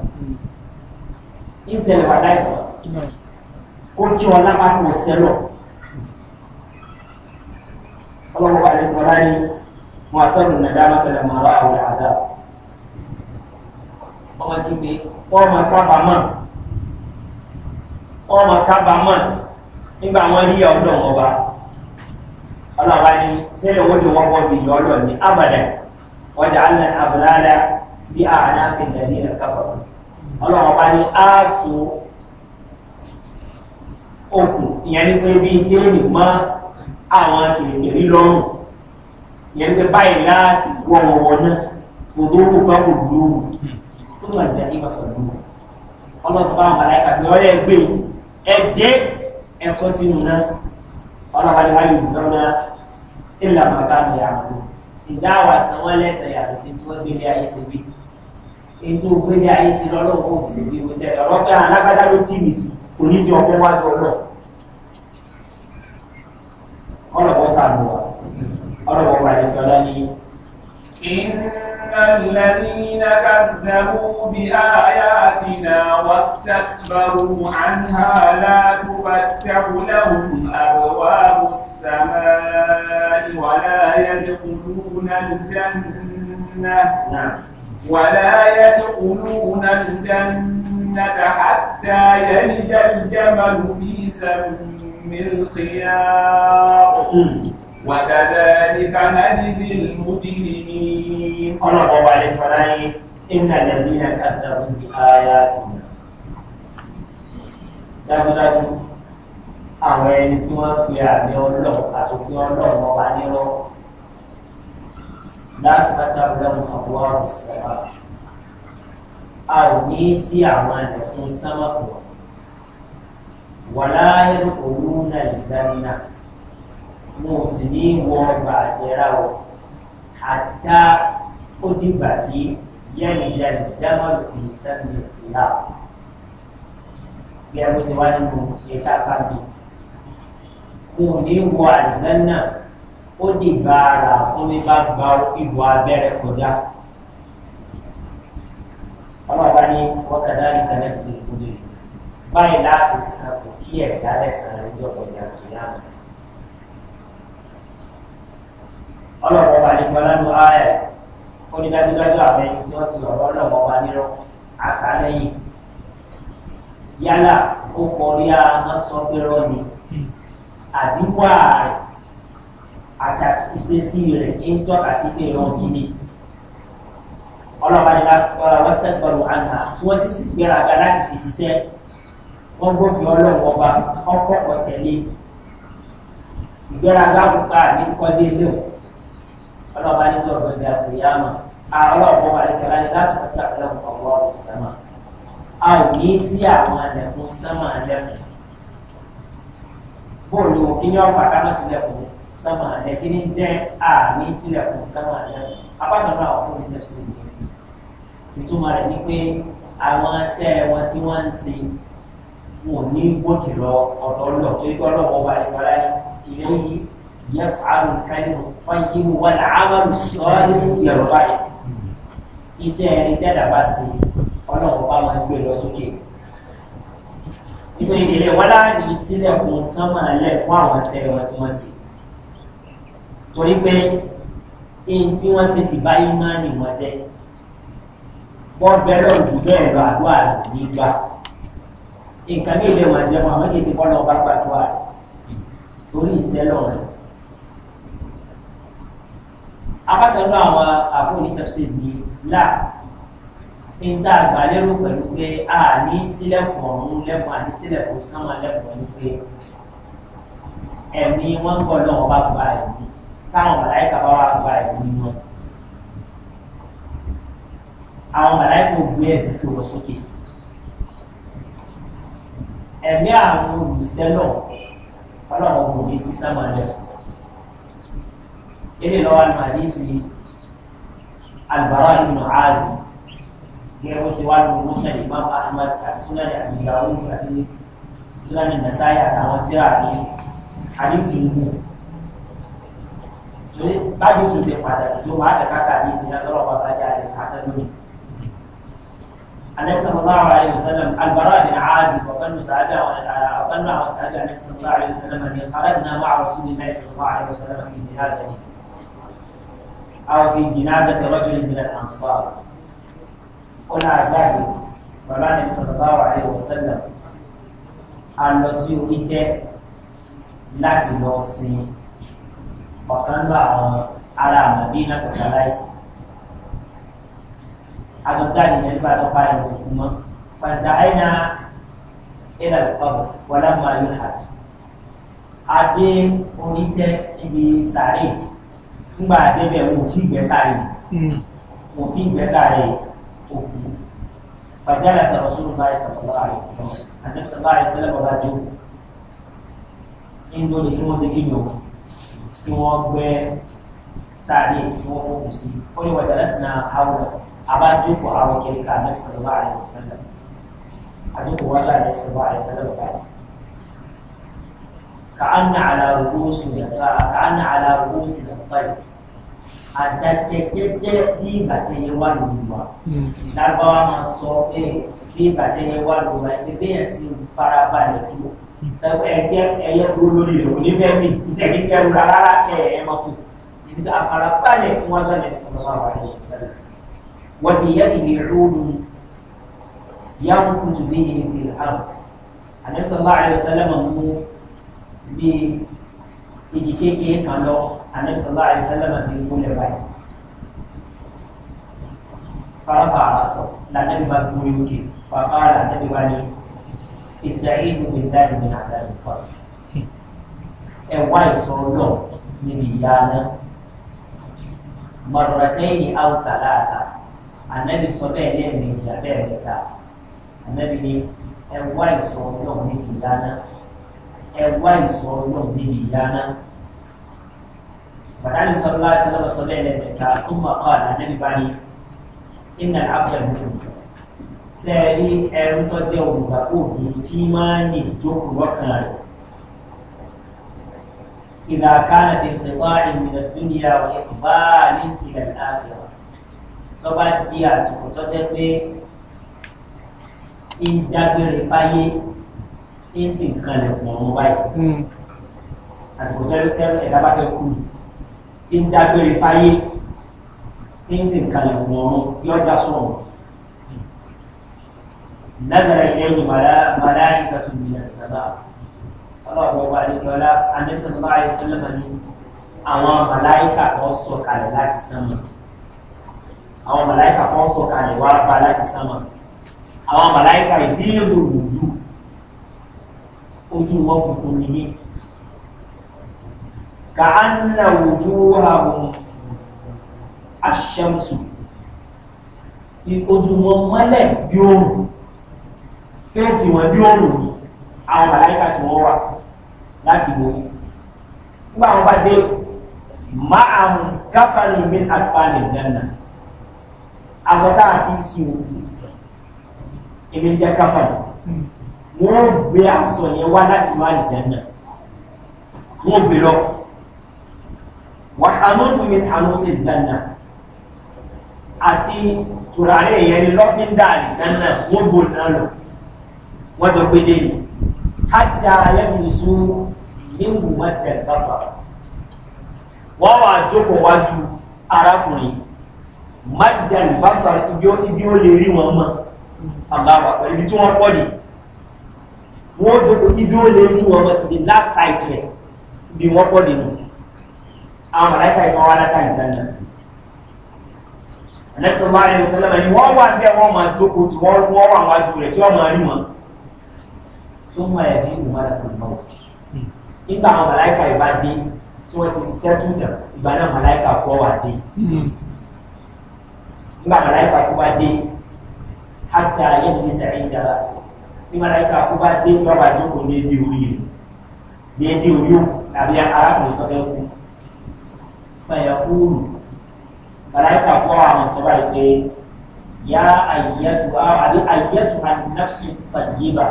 S2: ń sẹ́lẹ̀ wà láìpẹ́ kó kí wọn lápá kí wọn sẹ́lọ̀ ọlọ́wọ́ àdékọ́lá ni wọn àṣẹ́nu nàdámà tẹ̀lé màrá àwọn àdá ọmọ kígbe ọmọ kábàámọ̀ ọmọ kábàámọ̀ nígbà wọn rí ọdọ̀ wọn bá ọlọ́wọ́ ni sẹ́yìn owó tí wọ́n wọ́n bì yọ ọdọ̀ ní abàdàn wọ́n jẹ́ alẹ́ àbúrálẹ̀ bí àánáfin nàìjíríà kábàámọ̀ ọlọ́wọ́ bá ní àásù okùn ìyẹn ni pé bí tí ó rìn mọ́ àwọn kìrìkìrì lọ́rùn ìyẹn ni pé báyìí láàsì wọ́ wọn wọ náà kò tó wù kán kò lóhùn fún ìgbà tí a ní ìbáṣọ lóhùn ọlọ́sọ̀ bá àwọn màláìka pé ọ̀rẹ́ ẹgbẹ́ ẹ̀dẹ́ ẹ̀sọ́ sínú náà ọlọ́wà ní wáyé ìdìsán náà ìlà màkà ní àbúrò ìjà àwọn àṣà wọn lẹ́sẹ̀ yàtọ̀ sí tí wọ́n gbé ilé ayé ṣe gbé ètò gbé ilé ayé ṣe lọ́lọ́wọ́ òfìsèsè ìwòsàn ọ̀rọ̀ pé àwọn alágbádá ló tì mí sí i kò ní di ọgbọ́n wájú ọlọ́ ọlọ́wọ́ sàlùwà ọlọ́wọ́ wà ní ọlá ní.
S1: إن الذين كذبوا بآياتنا واستكبروا عنها لا تفتح لهم أبواب السماء ولا يدخلون الجنة ولا يدخلون الجنة الجنة حتى يلج الجمل في سم الخياط وكذلك نجزي المجرمين قال الله عليه وسلم إن الذين كذبوا بآياتنا
S2: dájúdájú àwọn ẹni tí wọ́n pe àmì ọlọ́run àtòkè ọlọ́run ọba nírọ́ láti bá dábìlẹ́mù àwọn àrùn sẹ́wà a ò ní sí àwọn ẹ̀kún sánmà fún wọn wà láyé òru náà ìtànà wọn ò sì ní wọ ọgbà àjẹrà wọ àtà ó dìgbà tí yẹ́nìjà ìjábọ̀ lòdì sẹ́ni ìlà bí a bó wá nínú ìta kábí wọn ò ní wọ àjẹrà náà ó ara fún mi bá gba ìwọ abẹ́rẹ́ kọjá ọlọ́run bá ní wọ́kàdá ní kẹ́lẹ́tì ìkújọ yìí báyìí láti san kò kí ẹ̀dá lẹ́sàn-án lójú ọ̀pọ̀ ìyá kìláàmù. ọlọ́run bá ní gbọ́dá ló ààrẹ ó ní dájúdájú àwọn ẹni tí wọ́n ti ọ̀rọ̀ náà wọ́n bá nírọ̀ àkàlẹ́yìn yálà ó fọrí ahọ́n sọ pé rọ́ọ̀nì àdínkù ààrẹ àtàṣìṣe rẹ̀ ń tọ́ka sí pé rọ́ọ̀kì nìyí ọlọ́ọ̀bá ni uh, wọ́n gbọ́rù àná tí wọ́n sì sì gbéraga láti fi ṣiṣẹ́ wọ́n gbófin ọlọ́run ọba ọkọ̀ ọ̀tẹ̀lé ìgbéraga pupa ní kọjú ilé o ọlọ́ọ̀bá ní tọ́ọ̀bù ẹgbẹ́ àkùyàmà ọlọ́ọ̀bọ̀ àlekẹ́lá ni láti kọjá ọlọ́run ọwọ́ ìsámà a ò ní sí àwọn àlẹ̀kùn sámà lẹ́kùn bóòlù kí ni ọ̀pá ká lọ́sí lẹ́kùn sámà lẹ́kùn kí ni jẹ́ àmì sílẹ̀kùn sámà lẹ́kùn apá kan náà ọkùnrin tẹ̀sí nìyẹn ìtumọ̀ rẹ̀ ni pé àwọn ẹsẹ̀ wọn tí wọ́n ń se wọn ò ní gòkè lọ ọ̀dọ́ lọ torí pé ọlọ́wọ́ wa ni wọ́n láyé ilé yìí yẹ sàárù káyọ̀ wáyé mu wà láàbàlù sọ́ọ́lù yẹ̀rọ báyìí iṣẹ́ ẹni tẹ́lẹ̀ bá se ọlọ́wọ́ bá máa gbé lọ sókè nítorí ìdílé wọn láàyè sílẹ̀ kún sánmà lẹ̀ fún àwọn ẹsẹ̀ wọn tí wọ́n se torí pé èyí tí wọ́n se ti bá ìmánì wọn jẹ́ bọ́ọ̀bẹ̀rẹ̀ òjò bẹ́ẹ̀ lọ àdúrà rẹ̀ nígbà nǹkan ní ilé wọn jẹun àmọ́ kì í ṣe bọ́ọ̀lù ọba pàtó rẹ̀ torí ìṣẹ́lọ̀ rẹ̀ abákanú àwọn àfúnni tẹ̀sí ní là ń tá àgbà lérò pẹ̀lú pé a ní sílẹ̀kùn ọ̀run lẹ́kùn àní sílẹ̀kùn sánwó lẹ́kùn ní pé ẹ̀mí wọn kọ́ lọ́wọ́ bá gba ẹ̀mí táwọn màláìka bá wà gba ẹ̀mí wọn àwọn màláìkò gbé ẹ̀mí fi wọ́n sókè ẹ̀mí àwọn olùsẹ́lọ̀ ọlọ́run kò ní sísá máa lẹ̀ ilé lọ́wọ́ àná àdéhìsí albara ibn azi gẹ́gẹ́ bó ṣe wá ní muslim imam ahmed àti sunani abiyahu àti sunani nasai àtàwọn tíra àdéhìsí àdéhìsí ń gùn torí báyìí sùn ṣe pàtàkì tó máa dẹ̀ka kàdéhìsí látọ̀rọ̀ bàbá jáde kàtà lónìí. النبي صلى الله عليه وسلم البراء بن عازب وقال سعادة وقال معه سعادة النبي صلى الله عليه وسلم أن خرجنا مع رسول الله صلى الله عليه وسلم في جنازة أو في جنازة رجل من الأنصار قلنا ذلك وما النبي صلى الله عليه وسلم أن نسيو إتى láti lọ sin ọ̀kan lọ àwọn àtọ̀jáde yẹn nígbà tó parí rẹ̀ kú mọ́ fàtà àìnà ìlà ọ̀rọ̀ wà láwọn ayé àjò adé onítẹ ibi sàárè ńgbà débẹ̀ wọn ò tí ì gbẹ́ sàárè hmm. wọn ò tí ì gbẹ́ sàárè òkú fàtà àìnà sọ̀rọ̀ sọ̀rọ̀ báyìí sọ̀rọ̀ báyìí sọ̀rọ̀ báyìí sọ̀rọ̀ báyìí sọ̀rọ̀ níbo ni kí wọ́n ṣe kí ni o kí wọ́n gbẹ́ sáré kí wọ́n fọ́kù sí ó ní wàjà lẹ́sìn náà áwọ̀ abájókòó àwọn kiri ká anabi sọlọ́wọ́ àlẹ́ ìsẹ́lẹ̀ àjókòó wájú àlẹ́ sọlọ́wọ́ àlẹ́ ìsẹ́lẹ̀ báyìí kàánà àlàrúgbóòsì lẹ́pẹ́lẹ̀ àdájẹjẹjẹ bí ìgbà tí yẹn wà lóyún wa lágbára máa sọ pé bí ìgbà tí yẹn wà lóyún wa ẹgbẹ́ bẹ́ẹ̀ sì ń farabalẹ̀ dúró sẹ́wọ́n ẹ̀jẹ̀ ẹ̀yẹ kúrò lórí rẹ̀ òní fẹ́ mi ìṣẹ́jú kẹrù rárá kẹ̀ ẹ̀ máa fi ìdíkà àfarabalẹ̀ níwájú àlẹ́ sọ̀rọ̀ àwọn àlejò sẹ́lẹ̀. وبيده عود ينكت به في الارض النبي صلى الله عليه وسلم mú bí igi kékeré kan lọ النبي صلى الله عليه وسلم ti gúnlẹ̀ báyìí farafa àràsọ lànàbí bá gúnlẹ̀ òkè bàbá lànàbí bá ní ìsìtàhínú bí dáàbì ní àdáàbì kan ẹwà ìsọ̀rọ̀ lọ níbi ìyá náà mọ̀rọ̀tẹ́yìn àwùtà láàtà anabi sọ bẹ́ẹ̀ lẹ́ẹ̀mejì abẹ́ẹ̀mẹta anabi ni ẹ wá ìsọ ọlọ́run níbi ìyáná ẹ wá ìsọ ọlọ́run níbi ìyáná bàtàlì sọlá sọlá sọ bẹ́ẹ̀ lẹ́ẹ̀mẹta fún mọ̀kọ́ anabi bá ní ìnà abdulmuhu sẹ́ẹ̀rí ẹrú tó jẹ́ olùgbàgbọ́ mi tí máa ń ní ìjókòó lọ́kàn rẹ̀ ìdàkánà fi ń pè wá ìmìnà dúnìyà wọ́n ìbáà ní ìlànà àfihàn tó bá di àsìkò tó jẹ́ pé ń dágbére fáyé ń sì ń kanlẹ̀ pọ̀ ọ́n báyìí hmm. àsìkò tó jẹ́ pé ẹ̀dá bá fẹ́ kú ti ń dágbére fáyé ń sì ń kanlẹ̀ pọ̀ ọ́n yọjá sọ̀rọ̀ nazara ilẹ̀yìn màláìka tó gbìyànjú sábà ọlọ́ọ̀bọ̀ wà ní ọlá anẹ́sàn báyìí sẹ́lẹ̀mà ní àwọn màláìka kan sọ̀kalẹ̀ láti sánmà àwọn màláìkà kan sọ̀kalẹ̀ wá bá láti sánmà àwọn màláìkà ìdílébò lòdù ojú wọn funfun nìyí ka á nà ojú àwọn aṣẹ́mùsù ojú wọn mọ́lẹ̀ bí oòrùn fẹ́ẹ̀sì wọn bí oòrùn ni àwọn màláìkà tí wọ́n wà láti wo nígbà wọn bá dé máa ń káfà ní min àkfà ní náà aṣọ tá a fi sí òkú ebi jẹ́ káfà wọ́n gbé aṣọ yẹn wá láti wá àlìjẹ́nà wọ́n gbé lọ wàhánútù mi hánútù ìjẹ́nà àti tùràrí yẹn lọ́fíńdà àlìjẹ́nà wọ́n gbó náà lọ wọ́n jọ pé dé ní hajjá ayẹ́fìsú níwùmọ́ tẹ̀lbásà wọ́n wà jókòó wájú arákùnrin madan basar ibi ó lè rí wọn mọ́ aláwọ̀ àpẹẹrẹ ibi tí wọ́n pọ̀ ní wọ́n jókòó ibi ó lè rí wọn mọ́ to the last sight rẹ̀ ibi wọ́n pọ̀ nínú àwọn màláìka ìfọwọ́ aláta ìtànà anẹ́sọ̀lá ẹni sẹ́lẹ̀mẹ̀ ni wọ́n wà ní ẹwọ́n máa jókòó tí wọ́n wọ́n wà wájú rẹ̀ tí wọ́n máa rí wọn tó máa yà dé ìmọ̀lá pẹ̀lú mọ́wọ́ nígbà àwọn màláìka ìbá dé tí wọ́n ti sẹ́tù tẹ̀ ìgbà náà màláìka kọ́ wà dé hmm nígbà màláìka kú bá dé hátà yẹn ti fi sẹ̀rẹ̀ ìdára sí tí màláìka kú bá dé lọ́ba jókòó ní èdè orí rẹ̀ ní èdè orí òkú àbí arákùnrin tó fẹ́ kú fẹ̀yà kúrú màláìka kú àwọn sọ́ba rẹ̀ pé yá àyẹ̀tù àbí àyẹ̀tù ànáfsù pàdébà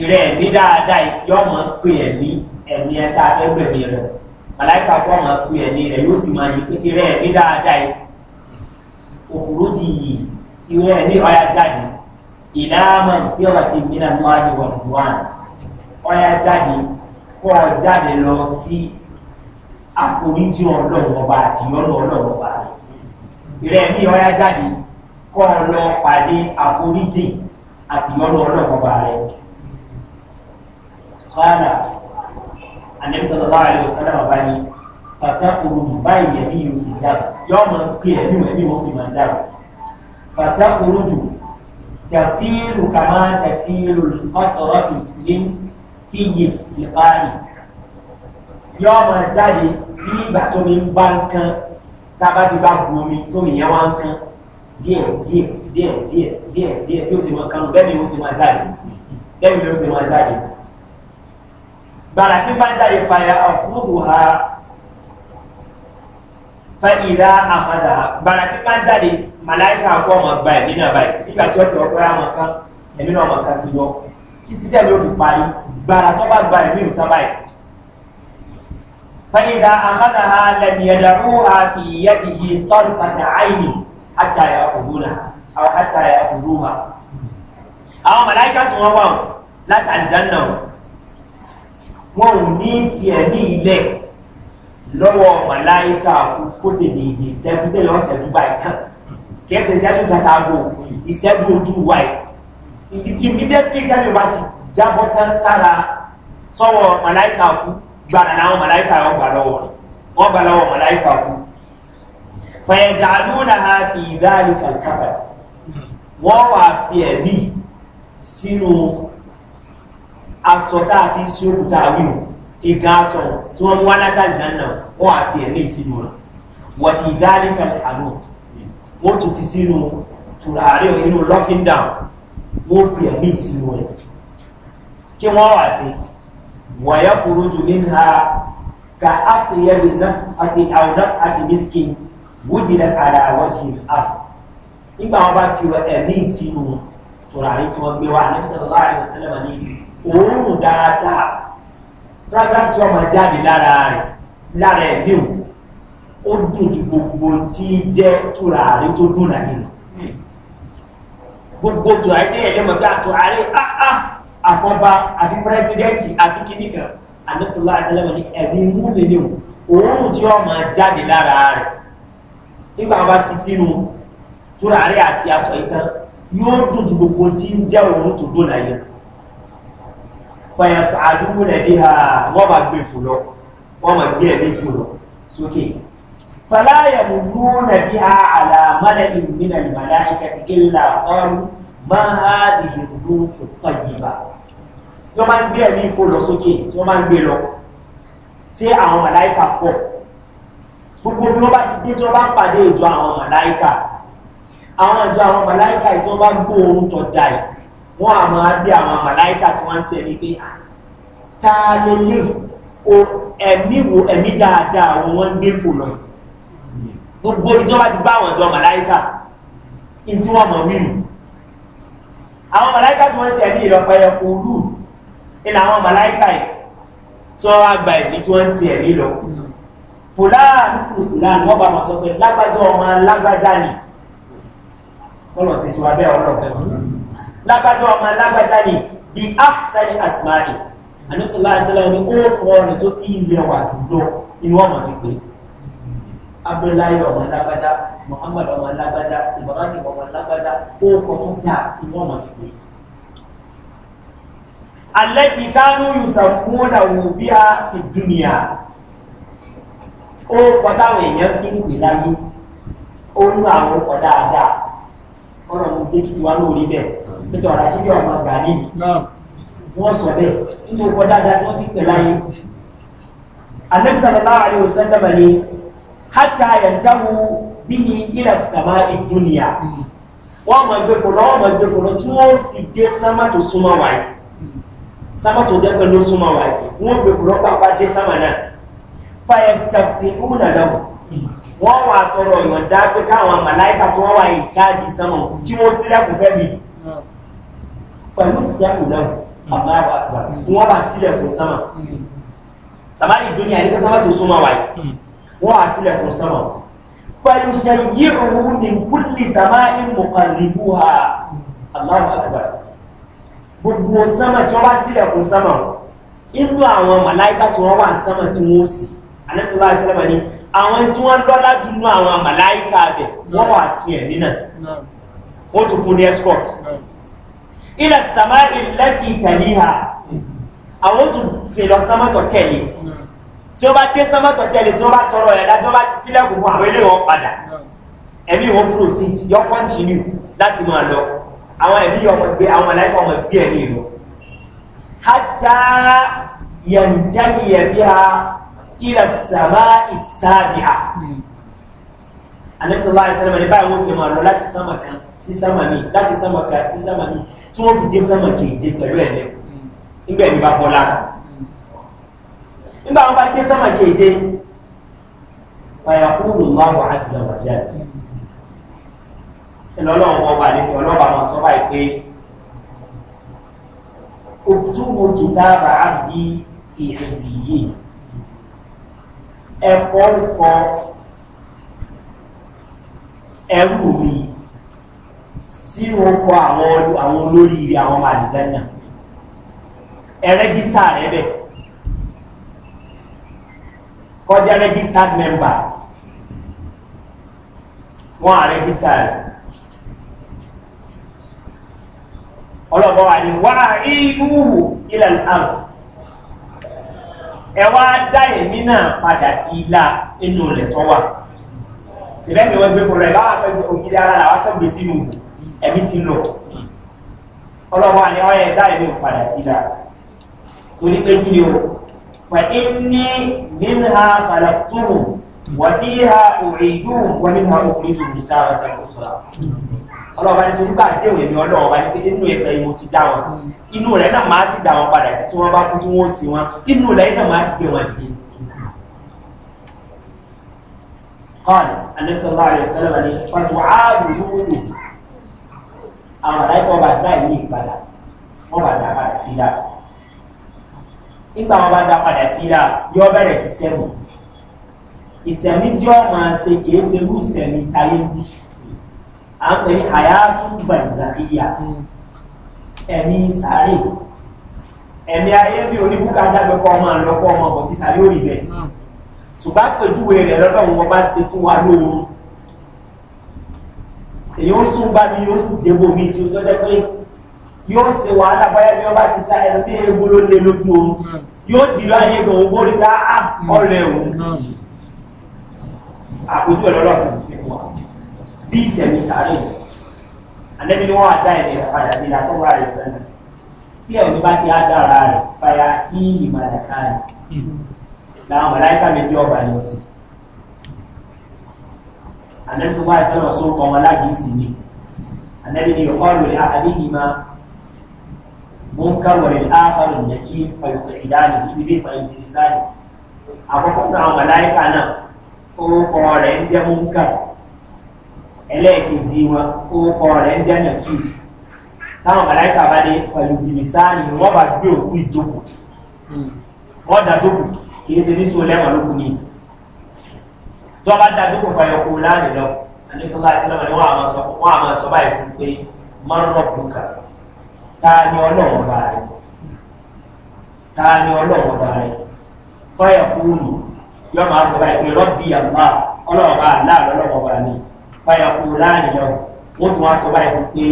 S2: ìrẹ̀ ẹ̀mí dáadáa yọmọ pé ẹ̀mí ẹ̀mí ẹ̀ta ẹgbẹ̀mí rẹ̀ màláìka kú àwọn pé ẹ̀mí rẹ̀ yóò sì máa yí pé ìrẹ̀ ẹ̀mí dáadáa òkúrú ti yì ìwé ẹ̀ ní ọ̀yà jáde ìdáàmà ìfíọ̀rọ̀ ti mìíràn máa ń wọ̀ wọ́n ọ̀yà jáde kọ́ ọ jáde lọ sí àforíjì ọlọ́run ọba àti ìyọ́nù ọlọ́run ọba rẹ̀ ìrẹ́ ní ọ̀yà jáde kọ́ ọ lọ pàdé àforíjì àti ìyọ́nù ọlọ́run ọba rẹ̀ kọ́lá àdébísọ̀tọ̀ bá wà lè sọ́dọ̀ ọba yìí fàtà òròjù báyìí ẹ̀mí yóò sì jáde yọ́ máa pé ẹ̀mí ẹ̀mí ó sì máa jáde fàtà òròjù tàṣílù kàmá tàṣílù ọ̀tọ̀rọ̀ tó yé kí yé sì báyìí yọ́ máa jáde bí ìgbà tó mi ń bá ń kan tábàdì bá bu omi tó mi yẹn wá ń kan díẹ̀ díẹ̀ díẹ̀ díẹ̀ díẹ̀ bí ó sì máa kanu bẹ́ẹ̀ ni sì máa jáde bẹ́ẹ̀ ni sì máa jáde gbàrà tí bá jáde fàyà ọ̀kúrú ha fa'ida ahada bara tí máa jáde màláìka kọ́ ọmọ gba ẹ̀mí náà báyìí nígbà tí wọ́n ti ọkọ̀ yà máa kán ẹ̀mí náà máa kán sí lọ títí tẹ̀lé ó fi parí bara tó bá gba ẹ̀mí ìta báyìí. fa'ida ahada ha lẹ́nu ẹ̀dàrú ha fi yẹ ìṣe tọ́lù pàtà àìní hátàyà òdúnà àwọn hátàyà òdúnà. àwọn màláìka tí wọ́n wà látàlìjà náà wọn ò ní fi ẹ̀mí ilẹ̀ lọ́wọ́ màláìka kó ṣe dèédé ìṣẹ́jú tẹ́lẹ̀ ọ̀ṣẹ́jú báyìí kàn kẹsẹ̀ ìṣẹ́jú kàtà àgbò ìṣẹ́jú ojú wa yìí immediately tẹ́lẹ̀ bá ti jábọ́ tán sára sọ́wọ́ màláìka kú gbàdà láwọn màláìka yọ ìgá aṣọ tí wọ́n mú wá látàrí jẹ́nà wọ́n á fi ẹ̀mí ìsinú rẹ̀ wọ́n ti ìdálé kalẹ̀ àlọ́ wọ́n tún fi sínú tùràrí inú lọ́fíńdà wọ́n fi ẹ̀mí ìsinú rẹ̀ kí wọ́n wà sí wọ́n yẹ kúrú jù nínú ha ka àtúnyẹ̀lì náà àti mísíkì wújì náà àdá àwọ̀jì àpò nígbà wọn bá fi ẹ̀mí ìsinú tùràrí tí wọ́n gbé wá ní sọ̀rọ̀ láàrin ìsẹ́lẹ̀ wọn ní òórùn dáadáa paragraph tí wọ́n máa jáde lára rẹ̀ lára ẹ̀mí ò ó dùn ju gbogbo tí jẹ́ túra rẹ̀ tó dùn náà nínú gbogbo túra tí ẹ̀yẹ́ mọ̀ bí àtúrà rẹ̀ áá àfọ́nba àfi pírẹsidẹ́ǹtì àfi kìnnìkan àdókòtò àṣẹlẹ́mọ̀ ní ẹ̀mí múlẹ̀ ní òórùn tí wọ́n máa jáde lára rẹ̀ nígbà wọn bá fi sínú túra rẹ̀ àti aṣọ ìtàn yóò dùn ju gbogbo tí ń jẹ́ òórùn tó dùn náà yẹn fẹ̀yàsà àdúgbò nàbí ha wọ́n máa gbé fò lọ wọ́n máa gbé ẹ̀mí fò lọ sókè. fàlàyé mu lú nàbí ha àlà mọ́nà ìmìnà ìmàlà ìkàtí ìlà ọ̀rù máa ha dìhì lú kò tọ̀ yìí bá. wọ́n máa ń gbé ẹ̀mí fò lọ sókè tí wọ́n máa gbé lọ sí àwọn màláìkà pọ̀ gbogbo bí wọ́n bá ti dé tí wọ́n bá pàdé ìjọ àwọn màláìkà àwọn ìjọ àwọn màláìkà tí wọ́n bá gbó oorun tọ̀ dáì a àmọ́ bí àwọn màláìkà tí wọ́n ń sẹ́ni pé ah, a lè lè ẹ̀mí wo ẹ̀mí dáadáa àwọn wọ́n ń gbé fò lọ gbogbo ibi tí wọ́n bá ti bá àwọn ìjọ màláìkà ní tí wọ́n mọ̀ wíwù àwọn màláìkà tí wọ́n ń sẹ́ni ìlọ́pẹ́ olú ìlà àwọn màláìkà yìí tí wọ́n wá gba ẹ̀mí tí wọ́n ń sẹ́ni lọ fòláàánú kùn fòláàánú wọ́n bá wọn sọ pé lágbájá ọmọ lágbájá ni kọ́lọ̀ sí ti wá bẹ́ẹ̀ ọlọ́ọ̀tẹ̀ lágbájá ọmọ lágbájá ni bí afsani asmari anúṣọlá ìṣẹlẹ ní ó kọ ọrẹ tó kí ilẹ̀ wà jùlọ inú ọmọ fi pé abdullahi ọmọ lágbájá muhammad ọmọ lágbájá ibrahim ọmọ lágbájá ó kọ tó dá inú ọmọ fi pé. alẹ́ ti kánú yusammuna wò bí a ìdúnìyà ó kọ táwọn èèyàn fi ń pè láyé ó ń lo àwọn ọkọ̀ dáadáa ọ̀rọ̀ mi jẹ́ nítorí ọ̀rọ̀ àṣírí ọmọ àgbà nìyí wọ́n sọ bẹ́ẹ̀ nítorí ọkọ̀ dáadáa tí wọ́n fi pè láyé anabi sallallahu alayhi wa sallam ni hata yantahu bihi ila sama iduniya wọ́n máa gbé fọlọ́ wọ́n máa gbé fọlọ́ tí wọ́n fi dé sámà súnmọ́ wáyé sámà tó jẹ́ pẹ̀lú súnmọ́ wáyé wọ́n gbé fọlọ́ pàápàá dé sámà náà fayẹsitafite únàdáwò wọn wà tọrọ ìwọ̀n dá pé káwọn màláìkà tí wọn wà ìjáàjì sánmọ kí wọn sílẹ̀kùn fẹ́ mi pẹ̀lú ìjáàmù náà àbáwọ̀ àgbà hmm. wọ́n bá sílẹ̀ kún sánmà hmm. sàmáàlì dúnìá ní sánmà tó súnmọ́ wáyé hmm. wọ́n bá sílẹ̀ kún sánmà pẹ̀lú ṣe yí òun ní kúlì sàmáàlì mọ̀kànlélú ha àbáwọ̀ àgbà gbogbo sánmà tí wọ́n bá sílẹ̀ kún sánmà inú àwọn màláìka tí wọ́n wà sánmà tí wọ́n sì anẹ́sọ̀lá ìsẹ́lẹ̀mà ni àwọn tí wọ́n lọ́lá jù àwọn màláìka bẹ̀ wọ́n wà sí ẹ̀mí náà wọ́n tún fún ní escort ilẹ̀ sàmá ìlẹ́tì tẹ̀lé ha àwọn ó tún fi lọ sámọ́tọ̀ tẹ̀lé tí ó bá dé sámọ́tọ̀ tẹ̀lé tí ó bá tọrọ ẹ̀ lájọ́ bá ti sílẹ̀kùn fún àwọn eléwọ̀n padà ẹ̀mí wọn proceed yọ continue láti máa lọ àwọn ẹ̀mí yọ ọmọ gbé àwọn aláìkọ́ ọmọ gbé ẹ̀mí lọ hátà yẹ̀ntẹ́yẹ̀ bí a ilẹ̀ sàmá ìsáàdìá anẹ́bísọ̀lá ìsẹ́lẹ̀mọ̀ ní báyìí wọ́n sì máa lọ láti sámọ̀ kan sí sámọ̀ mi láti sámọ̀ kan sí sámọ̀ mi tí wọ́n fi dé sẹ́mọ̀ kéje pẹ̀lú ẹ̀mí nígbà ẹ̀mí bá bọ́ lára nígbà wọn bá dé sẹ́mọ̀ kéje fàyàkúrò láwọ̀ àzàwàjẹ́ ìlọ́lọ́wọ́ wọn ẹ̀kọ́ ń kọ ẹrú mi tí wọn kọ àwọn àwọn olórí ilé àwọn ọmọ àdìjánà ẹ rẹ́gísítà rẹ bẹ̀ kọjá registered member wọn à rẹ́gísítà rẹ ọlọ́pàá wà ní wá ìlúhù ilẹ̀ àrùn ẹ wá dá èmi náà padà sí ilá inú rẹ̀ tọ́wà tìrẹ́mì wọn gbé fún rẹ̀ báwa pẹ́ ògidì ara làwọn akẹ́gbèsínú ẹ̀mí ti lò ọlọ́wọ́ àní ọ̀yẹ̀ dá ìlú padà sí la torí pé kí ni o wà ní ní mímú ha fàlàtúrù wà ní ha òrìdùn wà ní ha òrìdùn ní táwọn ọjà kòkòrò ọlọ́ọ̀bá ní torí bá déwò èmi ọlọ́ọ̀bá ní pé قال النبي صلى الله عليه وسلم فتعاد يوم àwọn àdáyébọ̀ bá dá ìlú ìpadà wọ́n bá dá padà sí dá nígbà wọn bá dá padà sí dá yọ bẹ̀rẹ̀ sí sẹ́mu ìsẹ̀mí tí wọ́n máa ṣe kìí ṣe irú ìsẹ̀mí táyé bí à ń pè ní hayatu gbàdìzàkìyà ẹ̀mí sáré ẹ̀mí ayé bí oníbùkátà gbẹ́kọ̀ ọmọ àlọ́kọ̀ ọmọ ọ̀bọ̀ tí sáré ò rí bẹ́ẹ̀ hmm. ṣùgbọ́n àpèjúwe rẹ̀ lọ́dọ̀ wọn bá ṣe fún wa lóorun èyàn sún bá mi yóò sì débò mi tí ó tọ́jọ́ pé yóò ṣe wàhálà báyá bí wọ́n bá ti sá ẹnu bí egbò ló lé lójú oorun yóò dìrọ ayé gan owó rí ká á ọrẹ òun ah, ah, àpójú ẹ̀ lọ́lọ́ kò sí fún wa bí ìsẹ̀mí sáré àdẹ́bí ni wọ́n àdá ẹ̀mí padà sí lásán wà rẹ̀ sẹ́nu tí ẹ̀ ní bá ṣe á dára rẹ̀ fàyà tí ìmọ̀lẹ̀ká rẹ̀ làwọn mọ̀láyíkà méjì ọba yóò sì anabi sọ wáyé sọlọ sọ kọ wọn láàgì sí ni anabi ni ọkọọlù rẹ àhàlìyí ma munkarwar al'akharin da ke fayuka idani ibi zai fahimci lisani àkọ́kọ́ náà àwọn màláìka náà orúkọ rẹ̀ ń jẹ́ munkar ẹlẹ́ẹ̀kejì wọn orúkọ rẹ̀ ń jẹ́ nàkì táwọn màláìka bá dé fayuka lisani wọ́n bá gbé òkú ìjókòó hmm. wọ́n dá kì í ṣe ní so lẹ́wọ̀n tó bá dájú kò fàyọ kó láàrin lọ anisọlá ìsìlámà ni wọn àmọ sọ wọn àmọ sọ báyìí fún pé máa ń rọpò kà ta ni ọlọ́wọ́ bá rẹ ta ni ọlọ́wọ́ bá rẹ tọ́yà kúrú yọ máa sọ báyìí pé rọ́bì àgbà ọlọ́wọ́ bá láàrin ọlọ́wọ́ bá mi fàyọ kó láàrin lọ wọn tún wá sọ báyìí fún pé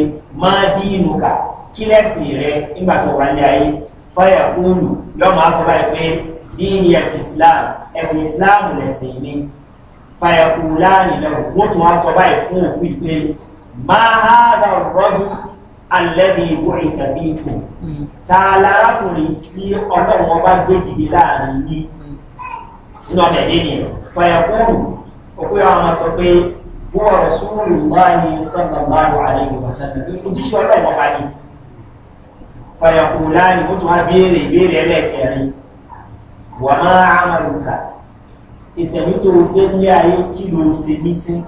S2: máa dínú kà kílẹ̀sì rẹ nígbà tó wà ní ayé fàyà kúrú yọ máa sọ báyìí pé dínú ìsìlámù ẹ̀sìn ìsìlámù lẹ̀sìn mi fàyàkù láàrin náà wọ́n tún wá sọ báyìí fún òkú ìpè máa há dà rọ́jú alẹ́bí ìwọ ìtàbí ikù ta lárákùnrin tí ọlọ́run ọba gbé dìde láàrin yìí hmm. nínú ọmọ ẹ̀dẹ́ nìyẹn fàyàkù òkú yà wọn sọ pé wọ́n rẹ̀ láàyè sọ́nà láàrú àlẹ́yìn wọ̀sánà ojúṣe ọlọ́run ọba ni ìsẹ̀mí tó ṣe ní ayé kí ló ṣe níṣẹ́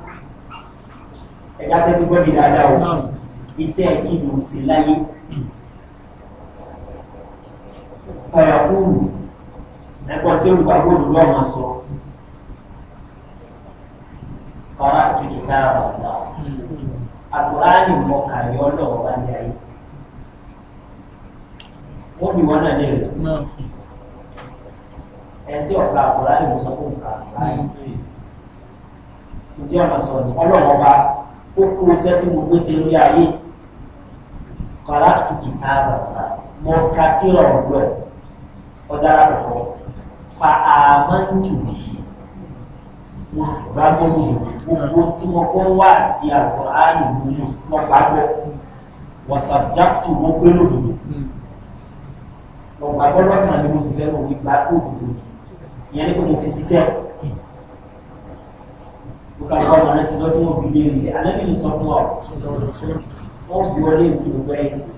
S2: ẹ̀dá tẹ́tí gbọ́dì dáadáa o iṣẹ́ kí ló ṣe láyé fàyàkúrù ẹ̀kọ́ tí olùgbàgbọ́ olùdó ọmọ sọ kọ́ra àtúntà ọ̀dà àkùránì mọ̀kàyọ́ ọlọ́wọ́ bá ní ayé wọ́n bí wọ́n náà ní rẹ̀ ẹni tí ọ̀gá àkọ́lá lè mú sọ fún nǹkan láàyè ǹjẹ́ ọ̀nà sọ ni ọlọ́run ọba ó kú iṣẹ́ tí mo gbé sí orí ayé kọ́lá tukì tá a bàbà mo ka tí rọ̀ ọ̀gbẹ́ ọjà àkọ́kọ́ fa àmọ́ntùbí mo ìyẹn ní pé mo fi ṣiṣẹ́ mo kà lọ́wọ́ ọmọ náà ti dọ́ tí wọ́n bí léèrè rẹ̀ alẹ́ nínú sọ fún ọ wọ́n fi wọlé ìlú gbogbo ẹ̀ sí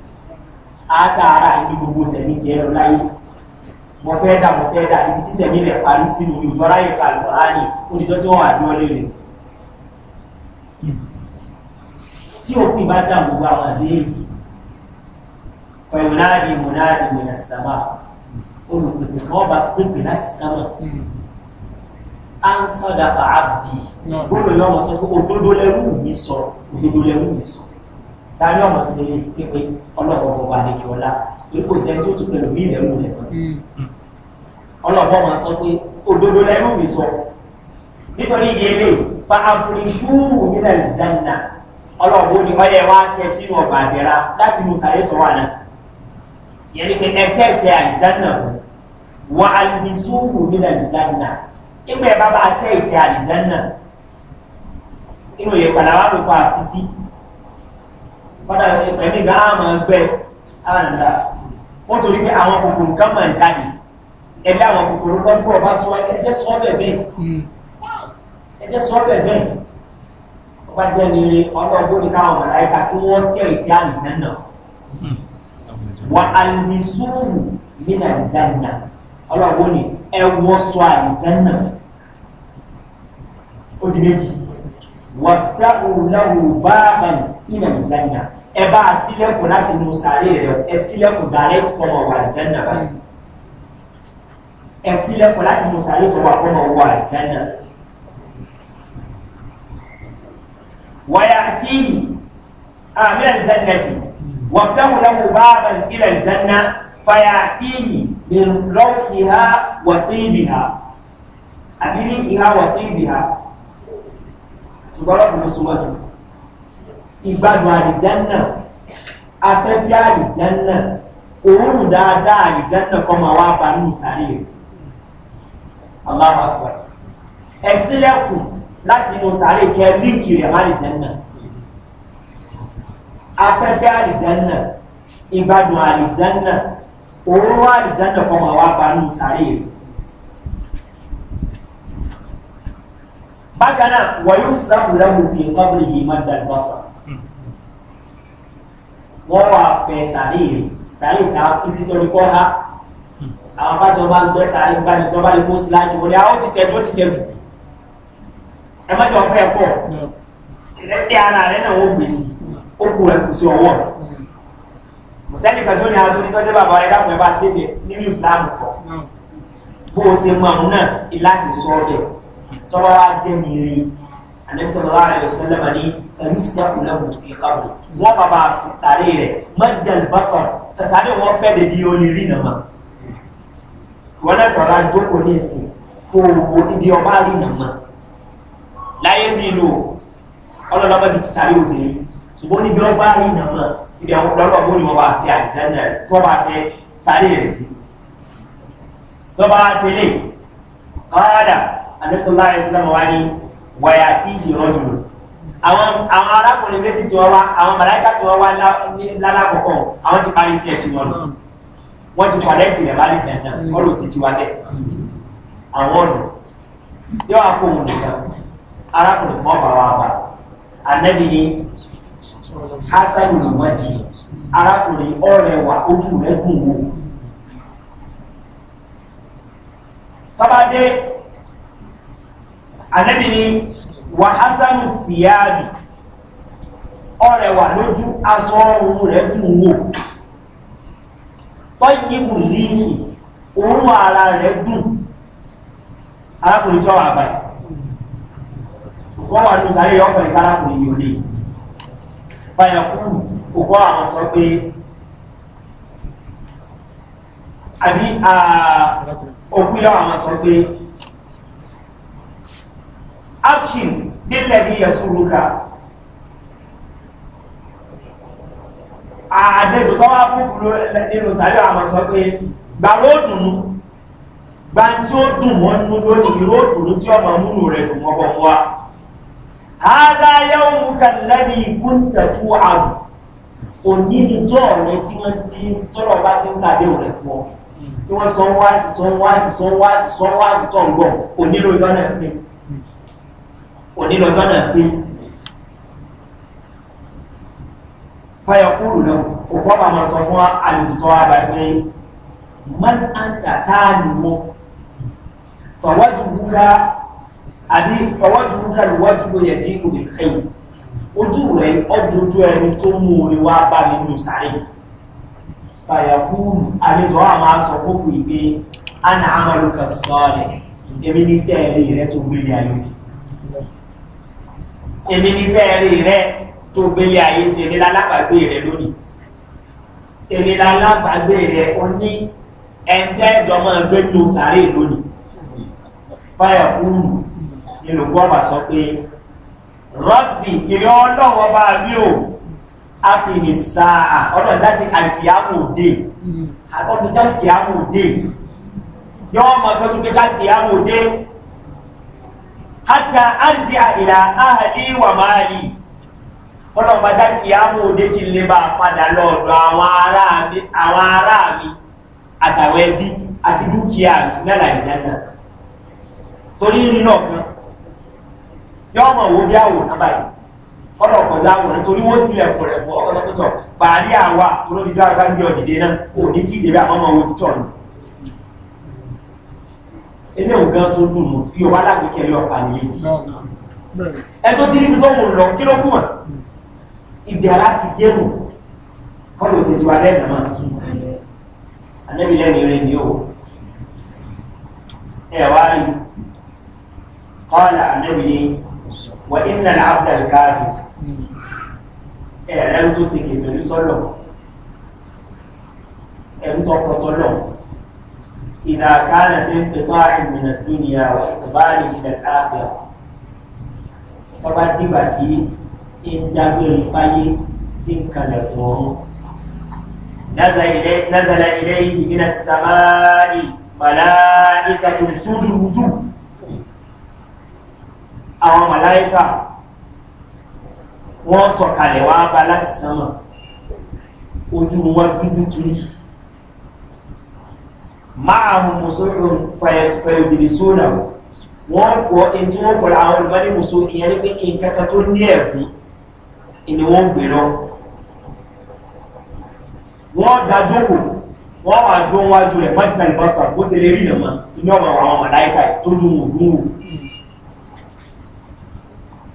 S2: àtàrà ibi gbogbo sẹ̀mí tiẹ̀ lọ láyé mo fẹ́ dà mo fẹ́ dà ibi tí sẹ̀mí rẹ̀ parí sínú mi ìjọra yìí kà lọ́ra ni olùjọ́ tí wọ́n wà ní wọlé rẹ̀ tí òkú ìbá dà gbogbo àwọn àbẹ́rẹ́ kọ̀yọ̀nádì mọ̀nádì mọ̀nà sàmà olùpèpè kan bá pèpè láti sámà à ń sọdà bá abdi gbọdọ yọ ọmọ sọ pé òdodo lẹrú mi sọ òdodo lẹrú mi sọ tani ọmọ tó lè pépé ọlọ́pàá bọba àlejò ọlá ipò sẹni tó tún pẹ̀lú mí lẹrú rẹ mọ hmm. ọlọ́pàá máa sọ pé òdodo lẹrú mi sọ nítorí ìdí eré fa àfúrìṣúù mi náà jẹnà ọlọ́pàá ó ní ọyẹ wa tẹ sínú ọgbà àdẹrà láti mú sàyẹtọ wà náà yẹn ni pé ẹtẹ ẹtẹ àìjẹnà fún wa albisuhu min aljanna ìgbà ẹ bá bá tẹ ìtẹ àlìjánà inú yẹ padà wà pípa àfisí padà ẹgbẹ̀mí gan á máa gbẹ àǹdà wọ́n torí pé àwọn kòkòrò kan máa ń jáde ẹgbẹ́ àwọn kan kúrò bá sọ ẹjẹ́ sọ bẹ̀bẹ̀ ẹjẹ́ hmm. sọ bẹ̀bẹ̀ wọ́n bá jẹ́ ní ọlọ́gbọ́n ní káwọn kí wọ́n tẹ ìtẹ àlìjánà hmm. wa albisuhu min aljanna ọlọ́wọ́ ni ẹ wọ́ sọ àìjẹ́nà ó di méjì wàtá òláwò bá bá ìnà ìjẹ́nà ẹ bá a sílẹ̀kùn láti nu sàárè rẹ ẹ sílẹ̀kùn direct kọ́mọ wà àìjẹ́nà ẹ sílẹ̀kùn láti nu sàárè tó wà kọ́mọ wà àìjẹ́nà. ويأتيه آمن الجنة وافتحوا له بابا إلى الجنة fayatihi min rafiha wa tibiha abini iha wa tibiha ṣùgbọ́n ọ̀rọ̀ mùsùlùmọ́jú ìgbádùn àlìjánà afẹ́fẹ́ àlìjánà òórùn dáadáa àlìjánà kọ́ máa wá bá nínú sáré rẹ̀ aláwọ̀ àgbà ẹ̀ sílẹ̀kùn láti inú sáré kẹ́ líǹkì rẹ̀ má àlìjánà afẹ́fẹ́ àlìjánà ìgbádùn òun wá ìjánà kan wà wá gbanú sàárè rẹ̀ bákan náà wọ́n yóò sáfù lẹ́wọ̀ fi kọ́bìrì yìí má dàn bọ́sà wọ́n wà fẹ́ sàárè rẹ̀ sàárè ta kìsì tó ní kọ́ra àwọn bájọ bá gbé sàárè gbani tó bá lè kó síláàjì wọlé àwọn ti kẹjọ ti kẹjù ẹ má jọ pẹ́ pọ̀ lẹ́gbẹ̀ẹ́ ara rẹ̀ náà ó gbèsè ó kú ẹ̀ kù sí ọwọ́ rẹ̀ mùsẹ́lì kan tó ní ara tó ní tọ́jú bàbá rẹ̀ dákun ẹ̀ bá ṣe ṣe nínú ìsìláàmù kọ̀ hmm. bó o ṣe mọ̀ náà ìlàsì sọ ọbẹ̀ tọ́wọ́ wá jẹ́ mi rí ànábi sọ̀rọ̀ ara rẹ̀ sẹ́lẹ̀mà ní ẹ̀mí sẹ́kù lẹ́hùn kì í kábọ̀ wọ́n bàbá sàárè rẹ̀ mọ́dẹ̀lì bá sọ̀rọ̀ tẹ̀sàárè wọn fẹ́ ibi àwọn ọlọ́wọ́ bó ni wọ́n bá fi àdìtẹ́ náà tó bá tẹ sáré rẹ̀ sí tó bá ṣe lè kọ́ọ̀dà anẹ́sọ̀lá ìsìlámù wa ni wàyà tí yìí rọ́jù lò àwọn àwọn arákùnrin méjì tí wọ́n wá àwọn màláìka tí wọ́n wá lálákọ̀ọ́kọ́ àwọn ti parí sí ẹ̀tì wọn lọ wọ́n ti pàdé tìrẹ̀ bá lè tẹ̀ náà wọ́n lò sí tiwa bẹ́ẹ̀ àwọn ọ̀nà hasan ni wọ́n ti arákùnrin wa ojú rẹ̀ gùn wò wa hasan siyabi ọ̀rẹ́ wa lójú aṣọ ọrùn rẹ̀ dùn wò tọ́yìnbù líyìn òun ara rẹ̀ dùn arákùnrin tí wọ́n wà fàyàkùrù òkú àwọn sọ pé àbí òkú yà àwọn sọ pé action nílẹ̀ ní yasuruka àdéjò tó wá kúkúrú nínú sàlẹ̀ àwọn sọ pé gbàrú ó dùnú gbàǹtí ó dùn mọ́ nínú lónìí ó dùnú tí ọmọ múnú rẹ̀ dùn mọ́ bọ́ wá hádá yẹ́wò mú kàlẹ́rì gúntà tó àdù òní ni tọ́ọ̀ rẹ tí wọ́n ti tọ́rọ̀ bá ti ń sàdéhùn rẹ̀ fún ọ tí wọ́n sọ wá sí sọ wá sí sọ wá sí sọ wá sí tọ̀ ń gbọ̀ òní lọ́jọ́ náà pé òní lọ́jọ́ náà pé fayakulu náà òkú ọba máa sọ fún alùpùpù àbá pé man anta táà nìwọ fàwájú wúra àbí ọwọ́jú kálùwájú ló yẹ tí kò lè kẹ́yìn ojú rẹ̀ ọjọ́jú ẹni tó mú orí wá bá mi nù sáré fàyàkúrù àlejò a máa sọ fókù ìgbé ana amaluka sọ́ọ̀lẹ̀ èmi ní sẹ́ ẹ̀rí rẹ tó gbélé ayé sí èmi ní sẹ́ ẹ̀rí rẹ tó gbélé ayé sí èmi lálábàgbé rẹ lónìí èmi lálábàgbé rẹ ó ní ẹ̀ńtẹ́ gbé nù sáré lónìí fàyàkúrù olùkọ́ wà sọ pé rọ́bì ìrìn ọlọ́wọ́ bá rí o a kì ní sáà ọlọ́run jáde àkìyàmù òde ọlọ́run jáde àkìyàmù òde yọ ọmọ tó tún pé àkìyàmù òde hátà àti àìlà áhàlì wà máa rí jáde àkìyàmù òde kí lè bá padà lọ́ọ̀dọ̀ àwọn ará mi àti dúkìá mi torí nínú ọ̀kan yóò mọ̀ wo bí àwòrán báyìí kọ́dọ̀ kọjá àwòrán torí wọ́n sílẹ̀ kù rẹ̀ fún ọkọ̀ sọ́kútọ̀ parí àwa olóbi tó àgbà gbé ọ̀dìdẹ náà ò ní tí ìdèbí àwọn ọmọ owó tọ̀ ní. ilé ògán tó dùn mù yóò wá lágbèkẹ́ lé ọ̀pá nílé ẹ tó ti ibi tó mú lọ kí ló kù mọ̀ ìdè aláti dẹ́nu kọ́dọ̀ sì ti wà lẹ́ẹ̀tà máa tún anẹ́bìlẹ́ni rẹ̀ ni ó ẹ̀ wá rí kọ́ọ̀lá anẹ́bìlẹ́ni وان العبد الكافر اعلنت إيه، سكي بني صلوا ان تقتلوا اذا كان انقطاع من الدنيا واقبال الى الاخره فباتباتي ان دبري فاي تنكا لفوه نزل إليه من السماء ملائكة سود الوجوب àwọn màláìkà wọ́n sọ̀kalẹ̀ wá bá láti sánmà ojú wọn dúdú kiri máa hùn mùsùlùm fẹ̀yọ̀jìlì sódà wọ́n kọ́ ẹni tí wọ́n kọ́ra àwọn olùmọ́lé mùsùlùm ìyẹn ní pé nǹkan kan tó ní ẹ̀gbìn ni wọ́n gbé lọ wọ́n dájókò wọ́n wà dún wájú rẹ̀ mọ́tìmẹ́lì bọ́sà bó ṣe lè rí nàmọ́ inú ọmọ àwọn màláìkà tójú mùdúnwò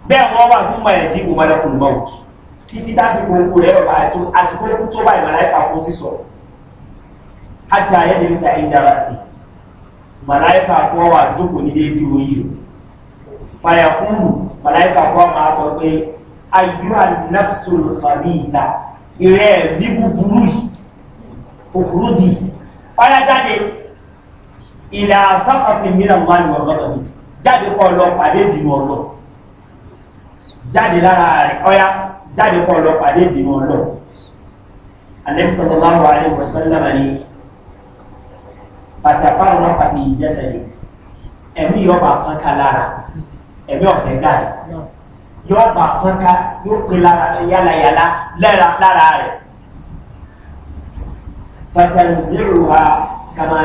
S2: bẹ́ẹ̀ wọ́n wà fún mọ̀lẹ́ tí ìwò mọ̀lẹ́ kò mọ̀ òtù títí tásìkò òkú rẹ̀ ọ̀bà tó àsìkò ikú tó báyìí màláìka kó sísọ ajá ayẹ́jẹ̀lẹ́ sàyè ń dára sí màláìka kó wà jókòó ní déédéé oyin rẹ̀ fàyàkúrù màláìka kó máa sọ pé ayúwà nàfṣul xabíìta ìrẹ́ ní búburú yìí òkúrú di ọ̀yà jáde ìlà sáfàtì mìíràn máa ń wọ̀ mi jáde kọ́ ọ jáde lára rẹ̀ ọ̀yá jáde kọ́ lọ pàdé ìbínú ọlọ́ anẹ́bísọ̀tọ̀láwọ̀ alẹ́wọ̀sọ́lámà ni pàtàkàrọ̀ náà pàbí ìjẹsẹ̀lẹ̀ ẹ̀mí yọba fọ́nká lára ẹ̀mí ọ̀fẹ́ jáde yọba fọ́nká yóò pé yálàyàlá lára rẹ̀ fatanziruha kama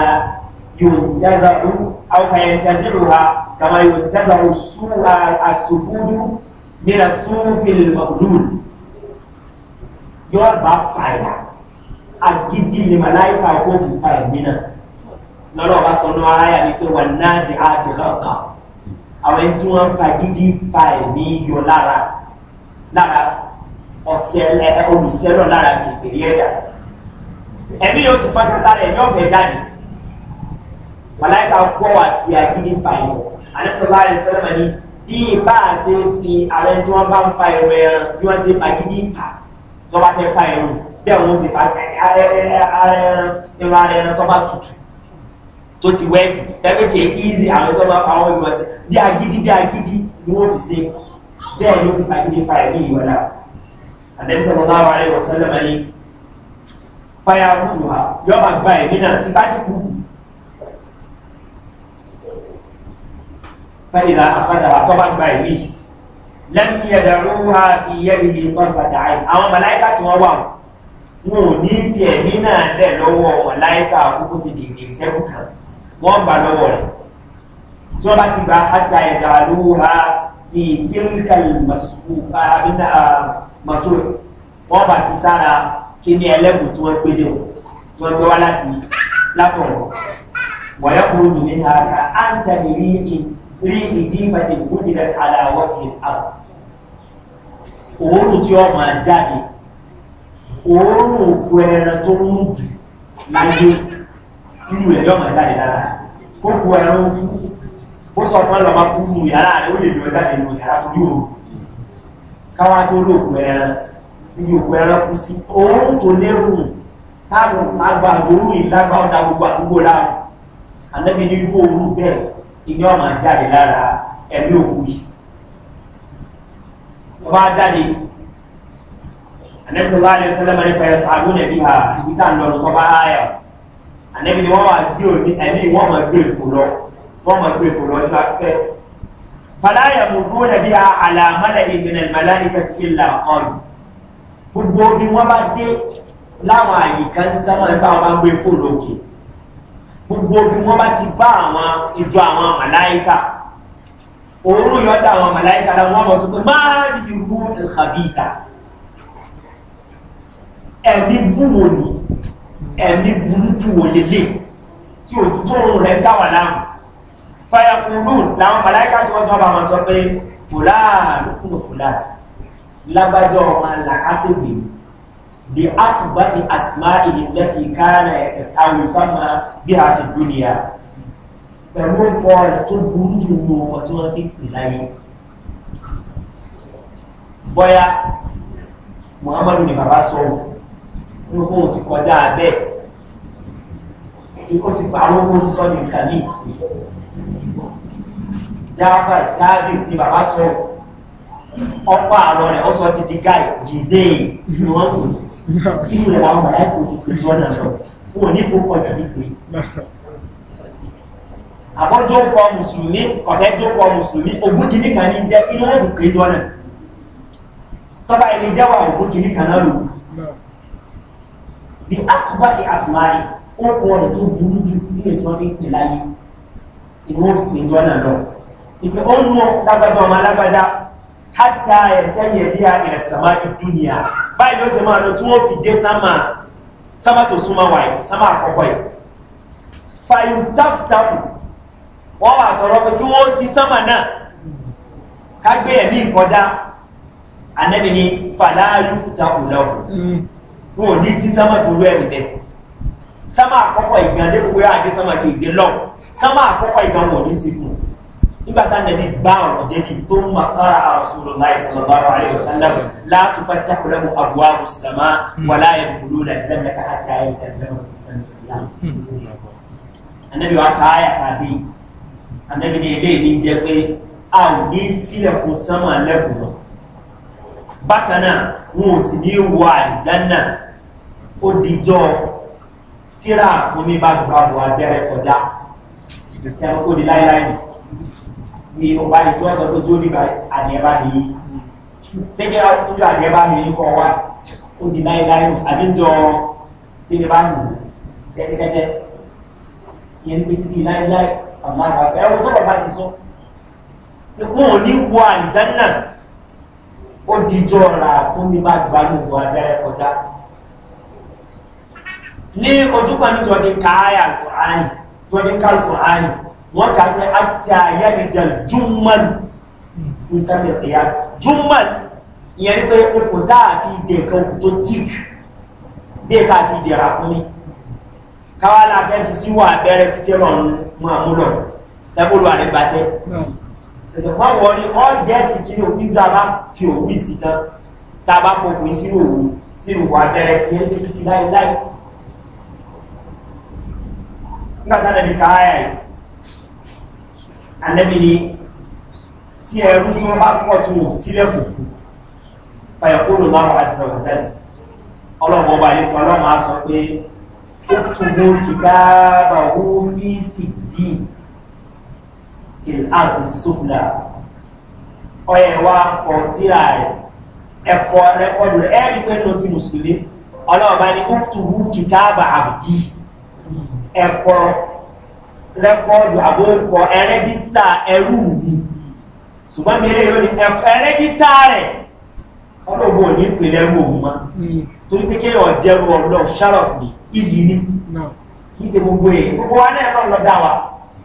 S2: yuntazaru aw fayantaziruha kama yuntazaru su'a asufudu mina sunfin maglul yóò bá fàyà agidi limalaika kó kì í fàyà mina lọ́lọ́ bá sọ náà ayà ni pé wà náàzì àti rọ́ọ̀kà àwọn ẹni tí wọ́n fa gidi fa ẹ̀mí yọ lára lára ọ̀sẹ̀ olùsẹ́lọ̀ lára kìkìrì ẹ̀dá ẹ̀mí yóò ti fọ́nká sára ẹ̀mí ni jáde màláìka kọ́ wà fi agidi fa ẹ̀mí àlẹ́sọ̀lá àlẹ́sọ̀lá ni bí ìbá ṣe fi ààrẹ tí wọ́n bá ń fa ẹ̀rọ ẹran bí wọ́n ṣe fagídí fà tó bá fẹ́ fa ẹ̀rọ bí àwọn ṣe fa ààrẹ ẹran ẹran ààrẹ ẹran tó bá tutù tó ti wẹ́ẹ̀tì tẹ́lẹ̀ kì í ízì àwọn tó bá àwọn ìwọ̀n ṣe bí agídí bí agídí ni wọ́n fi ṣe bẹ́ẹ̀ ló sì fagídí fa ẹ̀mí ìwọ̀n náà àdẹ́bí sọ̀rọ̀ bá wà rẹ̀ wọ̀ sẹ́lẹ̀ mẹ́lẹ́ fáyà fúlù ha yọ fẹ́yìnà àfẹ́dàrà tó bá gba لم يدعوها ìyẹ̀dàrú ha iye ìlú pọ́npàtà àìní àwọn màláìkà tí wọ́n wà wọn ò ní fi ẹ̀mí náà lẹ̀ lọ́wọ́ màláìkà kókó sí dìgbì sẹ́fù kan wọ́n gbà lọ́wọ́ rẹ̀ tí wọ́n bá ti gba ata ìdàrú ha ní tíríkà màsúrù wọ́n bá ti sára kí ní tí wọ́n gbé dé tí wọ́n gbé wá láti látọ̀wọ̀ wọ̀nyẹ́kùn ojú mi ta ká áńtẹ̀ nìrí ríhìdímẹ̀tì bùtìlẹ̀tì aláwọ̀tì àrùn òórùn tí ó máa jáde òórùn òkú ẹran tó ń jù láyé inú rẹ̀ yóò máa jáde lára ó kú ẹran ó kú ó sọ fún ẹlọ́mà kú nù yàrá rẹ̀ ó lè lọ jáde nù yàrá tó yóò rù káwá tó ló òkú ẹran ibi òkú ẹran kú sí òórùn tó lérùn táwọn agbàgbórùn ìlágbà gbogbo àdúgbò láàrú ànábi ní irú bẹ́ẹ̀ ìní ọmọ jáde lára ẹ̀mí òkú yìí tó bá jáde anabi sallallahu alayhi wa sallam ni fayọ sàlù nàbí ha ibi tá à ń lọ lọ tó bá ayọ anabi ni wọn wà gbé òní ẹni wọn máa gbé èfò lọ wọn máa gbé èfò lọ nípa fẹ fàlàyé mùdúró nàbí ha àlàmàlà ìgbìnà ìmàlàyé kàtí ìlà ọ̀nù gbogbo bí wọn bá dé láwọn àyíká ń sámà wọn bá gbé èfò lókè gbogbo bí wọ́n bá ti bá àwọn ìjọ àwọn màláìka òórùn yọ̀dà àwọn màláìka la wọ́n bọ̀ sí pé máa ń fi rú ìkàbíta ẹ̀mí búwo ni ẹ̀mí burúkú wò lélẹ̀ tí òtútù rẹ̀ dá wà láàmú fàyàkùnrù làwọn màláìka tí wọ́n sọ bá wọn sọ pé fòláà lókùnrin fòláà lágbájọ́ ọmọ làkásẹ̀gbè mi بأقبح أسمائه التي كان يتسعى يسمى بها في الدنيا pẹ̀lú ọkọ̀ rẹ̀ tó burú jù ní ọkọ̀ tí wọ́n fi pè láyé bọ́yá muhammadu ni bàbá sọ ní ọkọ̀ ti kọjá abẹ́ tí ó ti pa àwọn ti sọ ní nǹkan jáfà jáde ni bàbá sọ ọkọ̀ àlọ́ rẹ̀ ó sọ ti di gáì jìzéè ni wọ́n kò jù nínú àwọn màláìkò ti pè jọ́nà lọ fún òní kó kọjá ní pé àbọ́jọ́ kọ mùsùlùmí kọ̀tẹ́jọ́ kọ mùsùlùmí ogún kìíní kan ní jẹ́ inú wọn ti pè jọ́nà tọ́ba ilé jẹ́ wà ogún kìíní kan náà lò ní àtúbà ní àsìmáyé ó kọ ọ̀rọ̀ tó burú jù nílé tí wọ́n ní pè láyé inú wọn ti pè jọ́nà lọ ìpè ó ń mú lágbájá ọmọ alágbájá hátà ẹ̀tẹ́yẹ̀ bí i àìrẹ̀sàmá ìdúnìyà báyìí ló ṣe máa lọ tí wọ́n fi dé sáma sáma tó súnmọ́ wa yìí sáma àkọ́kọ́ yìí fàyìn táfùtáfù wọ́n wà tọrọ pé kí wọ́n sí sáma náà ká gbé ẹ̀mí kọjá anẹ́bí ni fàlàyé fùtàkù náà hmm. wọn ò ní sí sáma tó rú ẹ̀mí dẹ sáma àkọ́kọ́ ìgbàdé gbogbo yà á dé sáma kì í dé lọ sáma àkọ́kọ́ ìgbà wọn ò ní sí fún nígbà tá nàbí bá àwọn débi tó ń mọ kára àwọn sọ̀rọ̀ láì sọ̀rọ̀ àríwá sálẹ̀ látú bá tẹ́kọ̀lẹ́hùn
S1: àbúwá bù sàmá wà láyé bùrú rẹ̀ tẹ́lẹ̀ ká àtà ayé tẹ́lẹ̀ wọn fi sàn sí ìlà.
S2: anabi wa ká ayà ká dé anabi ní ilé ní jẹ pé a ò ní sílẹ̀kùn sánmà lẹ́kùn lọ. bákan náà wọn ò sì ní wọ àìjánà ó dijọ́ tíra àkómi bá gbàgbọ́ abẹ́rẹ́ kọjá. ìtẹ̀wọ́n ó di láéláé nìyí ni o bá ní tí wọ́n sọ pé tí ó ní adìẹ bá ní yín sẹ́kẹ́ ojú adìẹ bá ní yín kọ́ wa ó di láéláé nù àbí jọ tíni bá nù kẹ́tẹ́kẹ́tẹ́ ìyẹn ní pé títí láéláé àmọ́ àwọn àgbẹ̀ ẹ̀wọ̀n tó bàbá ti sọ wọn ò ní wọ àlìjánà ó dijọ́ ra kó ní bá gbà ní abẹ́rẹ́ kọjá ní ojú ní tí wọ́n ti ká àyà kùránì tí wọ́n ti ká kùránì wọn kà ní àtàyànìjà jùmọ̀n ìsàlẹ̀ ìyá jùmọ̀n ìyẹn ní pé okùn tá a fi dè nǹkan okùn tó tíìk bí ètò àfi dèrà fún mi káwá la fẹ́ fi síwọ́ abẹ́rẹ́ títẹ́ lọ mú àmúlò sẹ́kúlù àrẹ́gbàṣẹ́ ẹ̀sẹ̀ wọ́n wọ́n ní all get kiri òkú tí fi òwú ìsì tán tá a bá fọkùn sínú òwú sínú òwú abẹ́rẹ́ ìyẹn títí láéláé nígbà tá a lè fi káyà yìí ànẹ́bí ni tí ẹrú tí wọ́n bá pọ̀ tí wọ́n sílẹ̀kùn fún fàyàkúrò lọ́rùn àti sẹ̀wọ̀tẹ́lẹ̀ ọlọ́run ọba yìí kan lọ́rùn á sọ pé ó túbú kìtàbà ó kí sì jí ìlànà sófìlà ọyẹ wa kọ tíra rẹ ẹkọ rẹkọdù rẹ ẹrí pé ló ti mùsùlùmí ọlọ́run bá ní ó túbú kìtàbà àbùdí ẹkọ rẹ́kọ́ọ̀dù àbóǹkọ ẹ̀rẹ́gísítà ẹrú mi ṣùgbọ́n mi eré lónìí ẹ̀kọ́ ẹ̀rẹ́gísítà rẹ̀ ọlọ́gbọ́n ò ní ìpìlẹ̀ ẹrú òun ma torí pé kí ọ̀ jẹ́rú ọlọ́ ṣárọ̀fù ní iyì ni kì í ṣe gbogbo èyí gbogbo wa náà lọ́nà lọ́dà wa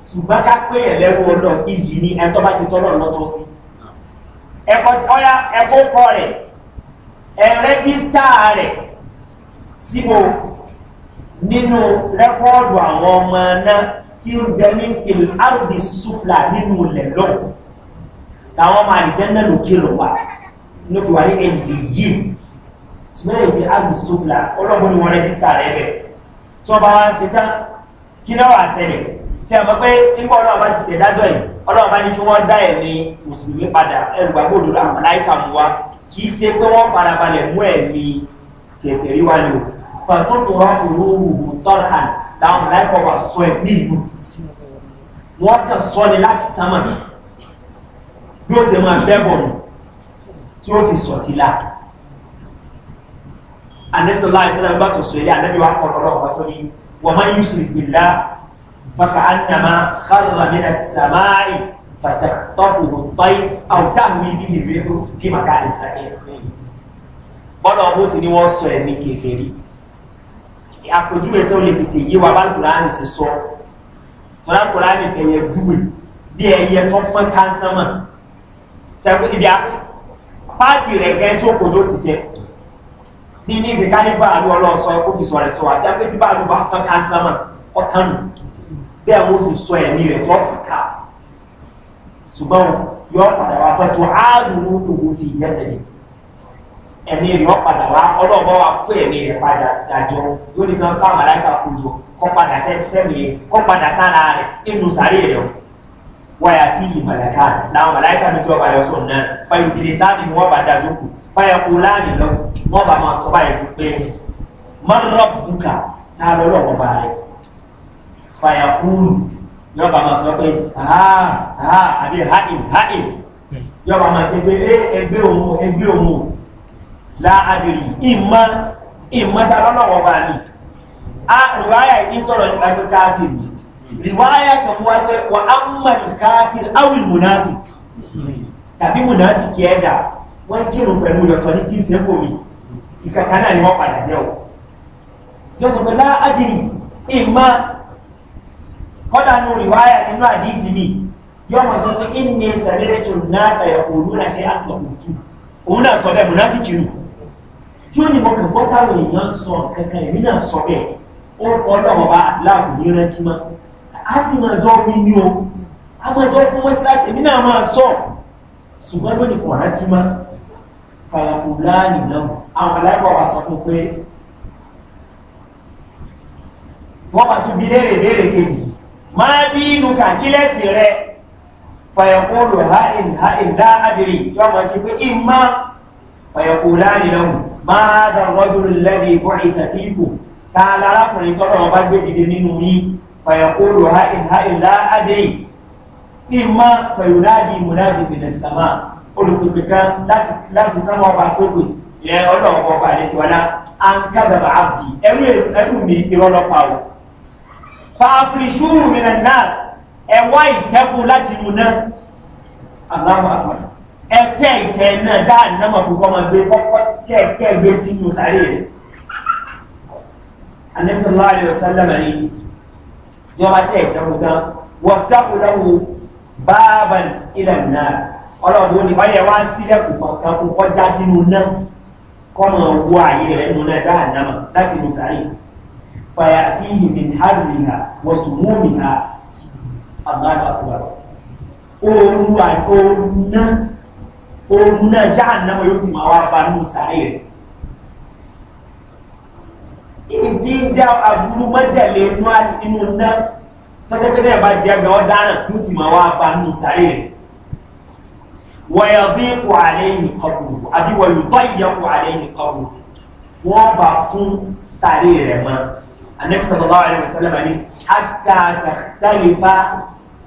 S2: ṣùgbọ́n ká pé ẹ̀lẹ́rú ọlọ́ iyì ni ẹ̀ tó bá ṣe tọ́lọ́ lọ́tọ́ sí ẹ̀kọ́ ọ̀yá ẹ̀kọ́ kọ rẹ̀ ẹ̀rẹ́gísítà rẹ̀ síbo nínú rẹ́kọ́ọ̀dù àwọn ọmọ náà tí ń bẹ ní ìlárùdì sùflà nínú ilẹ̀ lọ́wọ́ táwọn ọmọ àlìjẹ́ náà lókè lọ wà ní òkè wà ní ẹ̀yìn yìí ṣùgbọ́n èdè àlùdì sùflà ọlọ́gbọ́n ni wọ́n rẹ́jísà rẹ̀ bẹ̀ tí wọ́n bá wá ń ṣe tán kí náà wà sẹ́lẹ̀ tí a mọ̀ pé nígbà ọlọ́run bá ti ṣèdájọ́ yìí ọlọ́run bá ní kí wọ́n dá ẹ̀mí mùsùlùmí padà ẹlùgbàgbọ́ òdòdó àwọn aláìka mu wa kì í láwọn láìpọ̀ wà sọ ẹ̀ ní ìlú wọ́n kàn sọ ni láti sámà ní bí ó se máa bẹ́bọ̀ nù tí ó fi sọ sí la anẹ́sọ̀ láì sẹ́nà bá tó sọ ilé anẹ́bí wa kọ̀ lọ́rọ̀ wà tó ní wọ́n máa ń yí sùn ìgbìlá bàkà ánàmá kárùnà mìíràn sàmáì fàtàkùtàkùrù tọ́yì àwùtáhùn ibi ìrírú fí màkà ìsàlẹ̀ bọ́lá ọ̀bùsì ni wọ́n sọ ẹ̀mí kẹfẹ́ rí àpèjúwe tó lè tètè yé wa bá kùránì ṣe sọ tọ́lá kùránì fẹ̀yẹ júwe bí ẹyẹ tó pọ́n káńsámà sẹ́kù ibi pààtì rẹ̀ gẹ́ tó kò tó ṣiṣẹ́ ní ní ìsìnká ní báàlú ọlọ́sọ kó fi sọ rẹ̀ sọ wá sẹ́kù tí báàlú bá pọ́n káńsámà ọ̀tán nù bẹ́ẹ̀ mo sì sọ ẹ̀mí rẹ̀ tó kù ká ṣùgbọ́n yọ padà wá pẹ̀tù áàlù rú fi ìjẹsẹ̀ nìyí ẹ̀mí rẹ̀ wọ́n padà wá ọlọ́ọ̀bọ wa kó ẹ̀mí rẹ̀ padà dájọ́ yóò ní kan káwọn aláìka kojú kọ́ padà sẹ́mi rẹ̀ kọ́ padà sára rẹ̀ inú sáré rẹ̀ o wáyà tí yìí màlàkà làwọn aláìka mi tí wọ́n padà sọ̀ náà báyìí tìrì sáàbì ni wọ́n bá dájọ́ kù báyà kó láàyè lọ wọ́n bá máa sọ báyìí fún pé mọ́rọ́ bùkà tá a lọ́lọ́ wọn bá rẹ̀ báyà kúrú yọ bá máa sọ pé ha ha àbí ha in ha in yọ bá máa ké pé eh, ẹgbẹ́ òun ẹgbẹ́ òun láàdìrí ìmọ̀ ìmọ̀ta lọ́lọ́wọ́ bá ní a rìwáyà yìí sọ̀rọ̀ ìpàdé káfíìn rìwáyà kan wá pé wà á mọ̀ káfíìn áwìn mùnáfì tàbí mùnáfì kí ẹ dà wọ́n kírun pẹ̀lú ìyọ̀tọ̀ ní tí ń sẹ́kọ̀ọ́ mi ìkàkà náà ni wọ́n padà jẹ́ o yóò sọ pé láàdìrí ìmọ̀ kọ́dà nù rìwáyà nínú àdìsí mi yóò mọ̀ sọ pé ìnìyẹn sàrẹ́rẹ́ tó náà sàyẹ̀kọ̀ òun náà sọ bẹ́ẹ̀ mùnáfì kírun kí ó ní mo kàn gbọ́ táwọn èèyàn sọ kankan èmi náà sọ bẹ́ẹ̀ orúkọ ọlọ́run bá láàbù ní rántí mọ́ a sì máa jọ wí ní o a máa jọ kó mọ́síláṣí èmi náà máa sọ ṣùgbọ́n lónìí kò rántí mọ́ fàyàkù láàánì náà àwọn aláìkọ̀ wa sọ fún pé wọ́n bá tún bí léèrè léèrè kejì máa dínú kàkílẹ̀sì rẹ fàyàkù lò ha ìn ha ìn dá adìrì yọmọ jí pé ìmá ọ̀yẹ̀kùnláàrí lọ́hùn máa dá rọ́jùrù lẹ́bí bọ́ọ̀lì tàfíìkù ta lárákùnrin tọ́lọ̀ ọba gbé dìde nínú yín ọ̀yẹ̀kùnrù ha'in ha'in láàdéyì ìmọ̀ pẹ̀lú láàdì ìmúláàdì bìnẹ̀ sàmà olùpèpè kan láti sánmọ́ ọba pépè ilẹ̀ ọlọ́ọ̀pọ̀ ọba àlejòọlá
S1: ankadàbà
S2: abdi ẹrú ẹtẹ́ ìtẹ́ náà jáà nàmọ̀ fún kọ́ máa gbé kọ́kọ́ kẹ́ẹ̀kẹ́ gbé sí inú sáré rẹ̀ anẹ́sọ̀lá àlẹ́ ọ̀sálẹ́mà ni yọba tẹ́ ìtẹ́ mu tán wọ́n dákú lọ́wọ́ báàbà ilẹ̀ náà ọlọ́ọ̀dún ni ọ̀yẹ̀ wá sílẹ̀kùn kan kọjá sínú náà kọ́mọ̀ owó ayé rẹ̀ nínú náà jáà nàmọ̀ láti inú sáré fàyà àti ìhìnmìn hàrùmìhà wọ̀sùnmùmìhà àgbàdo àkùbà ooru àìkóoru oòrùn náà jáànámọ̀ yóò sì máa wá bá nínú sàárè rẹ̀ ìdí ń já àbúrú mọ́jẹ̀lẹ̀ inú inú ná tọ́jọ́ pé sẹ́yìn bá jẹ́ gan ọ́ dáná yóò sì máa wá bá nínú sàárè rẹ̀ wọ̀yọ̀dí kò àlẹ́yìn kọ̀bùrù àbí wọ̀lùtọ́ ìyẹn kò àlẹ́yìn kọ̀bùrù wọ́n bá fún sàárè rẹ̀ mọ́ anabi sallallahu alaihi wasallam ni hatta tahtalifa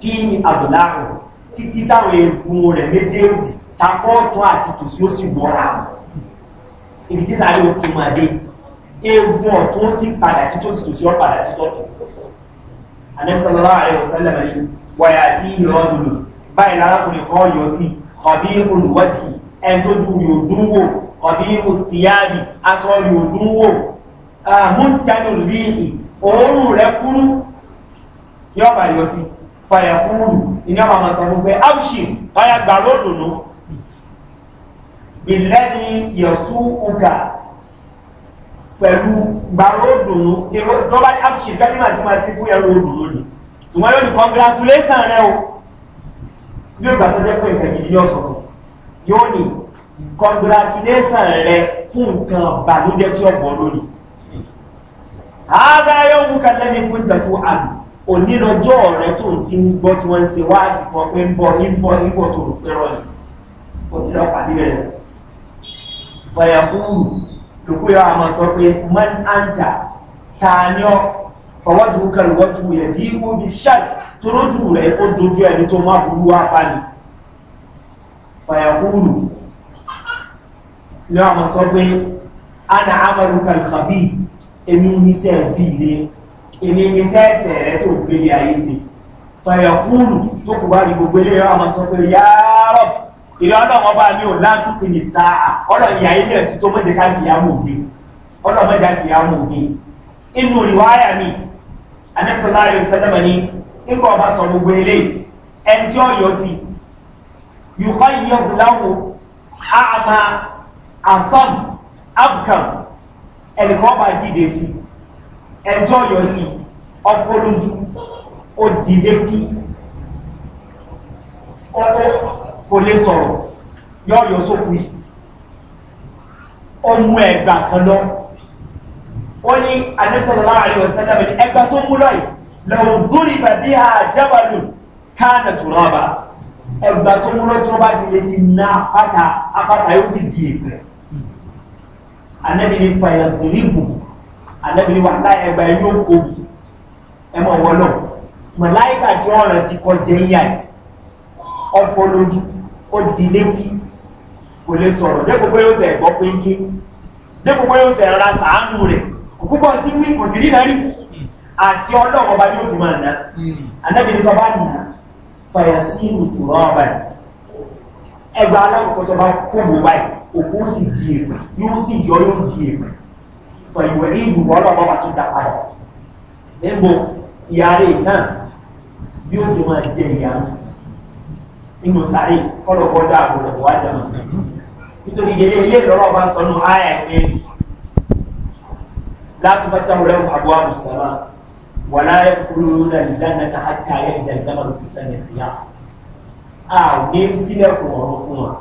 S2: fi adlaru títí táwọn egun rẹ̀ méjèèjì tapọ̀ ọ̀tún àti tòsí ó sì wọ́ra ibi tí sáré òkè máa dé eegun ọ̀tún ó sì padà sí tòsí tòsí ó padà sí tọ̀tún anẹ́bísọ̀lọ́lá àrẹ òsẹ́lẹ̀ mẹ́rin wáyà tí ìrọ́dùn lò báyìí lárákùnrin kan yọ sí ọ̀bí olùwọ́jì ẹni tó ju yòdún wò ọ̀bí òsìyáàdì aṣọ yòdún wò ah, múntánù ríì òórùn rẹ̀ kúrú yọ́ bá yọ sí fàyàkúrù ìní àwọn ọmọ sọ fún pé áùṣì ọ̀yà gbàrú òdòdó ìlẹ́ni yẹ̀sú ugà pẹ̀lú gbàrú òdùnnú tó bá ní àpùsì kẹ́límà tí máa ti fún ẹrù òdùnnú ni ṣùgbọ́n yóò ní congratulation rẹ o bí ìgbà tó jẹ́ pé nǹkan gidi yóò sọ fún yóò ní congratulation rẹ fún nǹkan bànújẹ́ tí ó bọ̀ lónìí ààrẹ yóò mú kẹlẹ́ ní kúńtà tó àlù òní rẹ tó ti ń gbọ́ tí wọ́n ń se wáàsì fún ọ pé ń bọ̀ ń bọ̀ ń bọ̀ tó rò pé rọ̀ ní òní lọ́pàá níbẹ̀ rẹ̀ fàyàkúrù lókù yóò àmọ́ sọ pé man anta tààyàn ọwọ́jú kẹrìwọ́jú yẹ tí ó bí ṣáì tó rójú rẹ̀ ó dojú ẹni tó má burú wá pani fàyàkúrù yóò àmọ́ sọ pé ana amalu kalkabi èmi níṣẹ́ bí ilé èmi níṣẹ́ ẹsẹ̀ rẹ tó gbélé ayé sí fàyàkúrù tó kù bá rí gbogbo eléyàwó àmọ́ sọ ìrẹ́ ọlọ́run ọba mi ò lájú kí ni sáà ọlọ́ ìyá ilé ẹ̀ ti tó mọ́jẹ́ ká kìyàmù òde ọlọ́mọjà kìyàmù òde inú rìwáyà mi anẹ́sọ̀lá ayọ̀ sẹ́dọ̀mọ̀ ni nígbà ọba sọ gbogbo ilé ẹni tí ó yọ sí yùkọ́ ìyẹ́bù láwo àmà àsọ̀n abukam ẹni kan ọba dìde sí ẹni tí ó yọ sí ọkọ̀ lójú ó dìde tí ọkọ̀ kò lè sọ̀rọ̀ yọ yọ sókù yìí ó mú ẹgbà kan lọ ó ní anẹ́sọ̀rọ̀ láàrin ọ̀sẹ̀ náà ní ẹgbà tó mú lọ́yìn lọ́wọ́ dúrì bàbí ha jábàlù káànà tó rọ́ọ̀bà ẹgbà tó mú lọ́yìn tí wọ́n bá di lè ní ná apáta apáta yóò sì di ìpẹ́ anẹ́bí fàyà dòrí bù anẹ́bí ní wàhálà ẹgbà yóò kó ẹ mọ̀ wọ́n lọ tí wọ́n rẹ̀ sí kọjẹ́ yíyá ọ̀fọ́ lójú ó di létí kò lè sọ̀rọ̀ dẹ́kun pé ó sẹ̀ gbọ́ pé ń ké dẹ́kun pé ó sẹ̀ ra sàánú rẹ̀ kókó bọ́ tí wí kò sí rí náà àti ọlọ́run ní òfin máa ná anábìrin tó bá nà di èpè yóò sì yọ yóò di èpè pẹ̀lú ìlú ọlọ́run ọba tó dá padà níbo bí ó sì máa jẹ ìyá nínú sáré kọ́lọ̀ bọ́dá àbò rẹ̀ wá jẹun nítorí ìdílé ilé ìlọ́rọ̀ bá sọnù àyà ìpín láti fẹ́ tẹ́wọ́ rẹ̀ àbò àbùsàmà wà láyé kúrú náà ìjánná ta hàtà ayé ìjà ìjánná ló fi sẹ́ni fìyà a ò ní sílẹ̀kùn ọ̀rọ̀ fún wa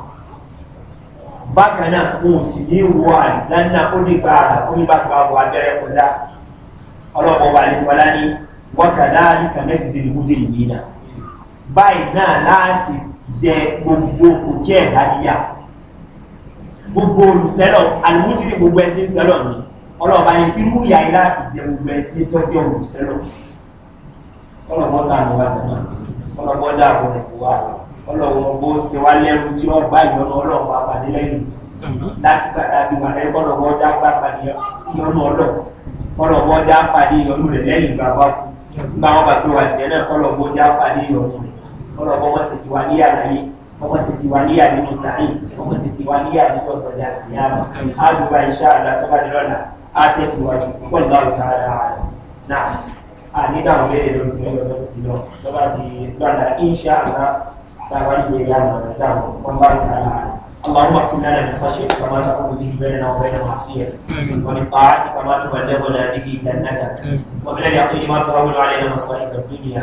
S2: bákan náà n sì ní wọ àìjánná ó ní gba àrà ó ní bá gba àbò abẹ́rẹ́ kọjá ọlọ́pàá wà ní wọlá ní wọ́kàdá ní kàmẹ́tì sí ìlú báyìí náà láàsì jẹ gbogbo òkè ẹ̀dá níyà gbogbo olùsẹ́lọ̀ àlùmújírí gbogbo ẹ̀ tí ń sẹ́lọ̀ ni ọlọ́ọ̀bá yẹn irú ìyá ilá ìjẹ gbogbo ẹ̀ tí tó jẹ́ olùsẹ́lọ̀ ọlọ́ọ̀bọ sàánú wa tẹ̀ náà ọlọ́ọ̀bọ dáàbò rẹ̀ wá ọlọ́ọ̀bọ ṣe wá lẹ́rú tí wọ́n gbá ìyọnu ọlọ́ọ̀bọ apanilẹ́yìn láti padà ti wà lẹ́yìn ọlọ́ọ̀bọ ọjà pàpà ìyọnu ọlọ́ọ̀bọ ọjà pàdé ìyọnu rẹ̀ lẹ́yìn ìgbà kú ọ̀rọ̀ ọmọ sì ti wà ní àlàyé ọmọ sì ti wà ní àdínú sàáyìn ọmọ sì ti wà ní àdínú ọ̀gbọ̀dà ìyáàmà àdùbà iṣẹ́ àdá tó bá di lọ́la á tẹ̀síwájú pẹ̀lú àwùjọ ara rẹ̀ náà ànídà àwọn léèrè lórí fún ẹgbẹ́ tó ti lọ tó bá di lọ́la iṣẹ́ àdá táwa yẹ ìyáàmà náà wọ́n bá ti ara rẹ̀. اللهم اقسم لنا من خشيتك ما تقوم به بيننا وبين معصيتك ومن طاعتك ما تبلغنا به جنتك ومن اليقين ما تهون علينا مصائب الدنيا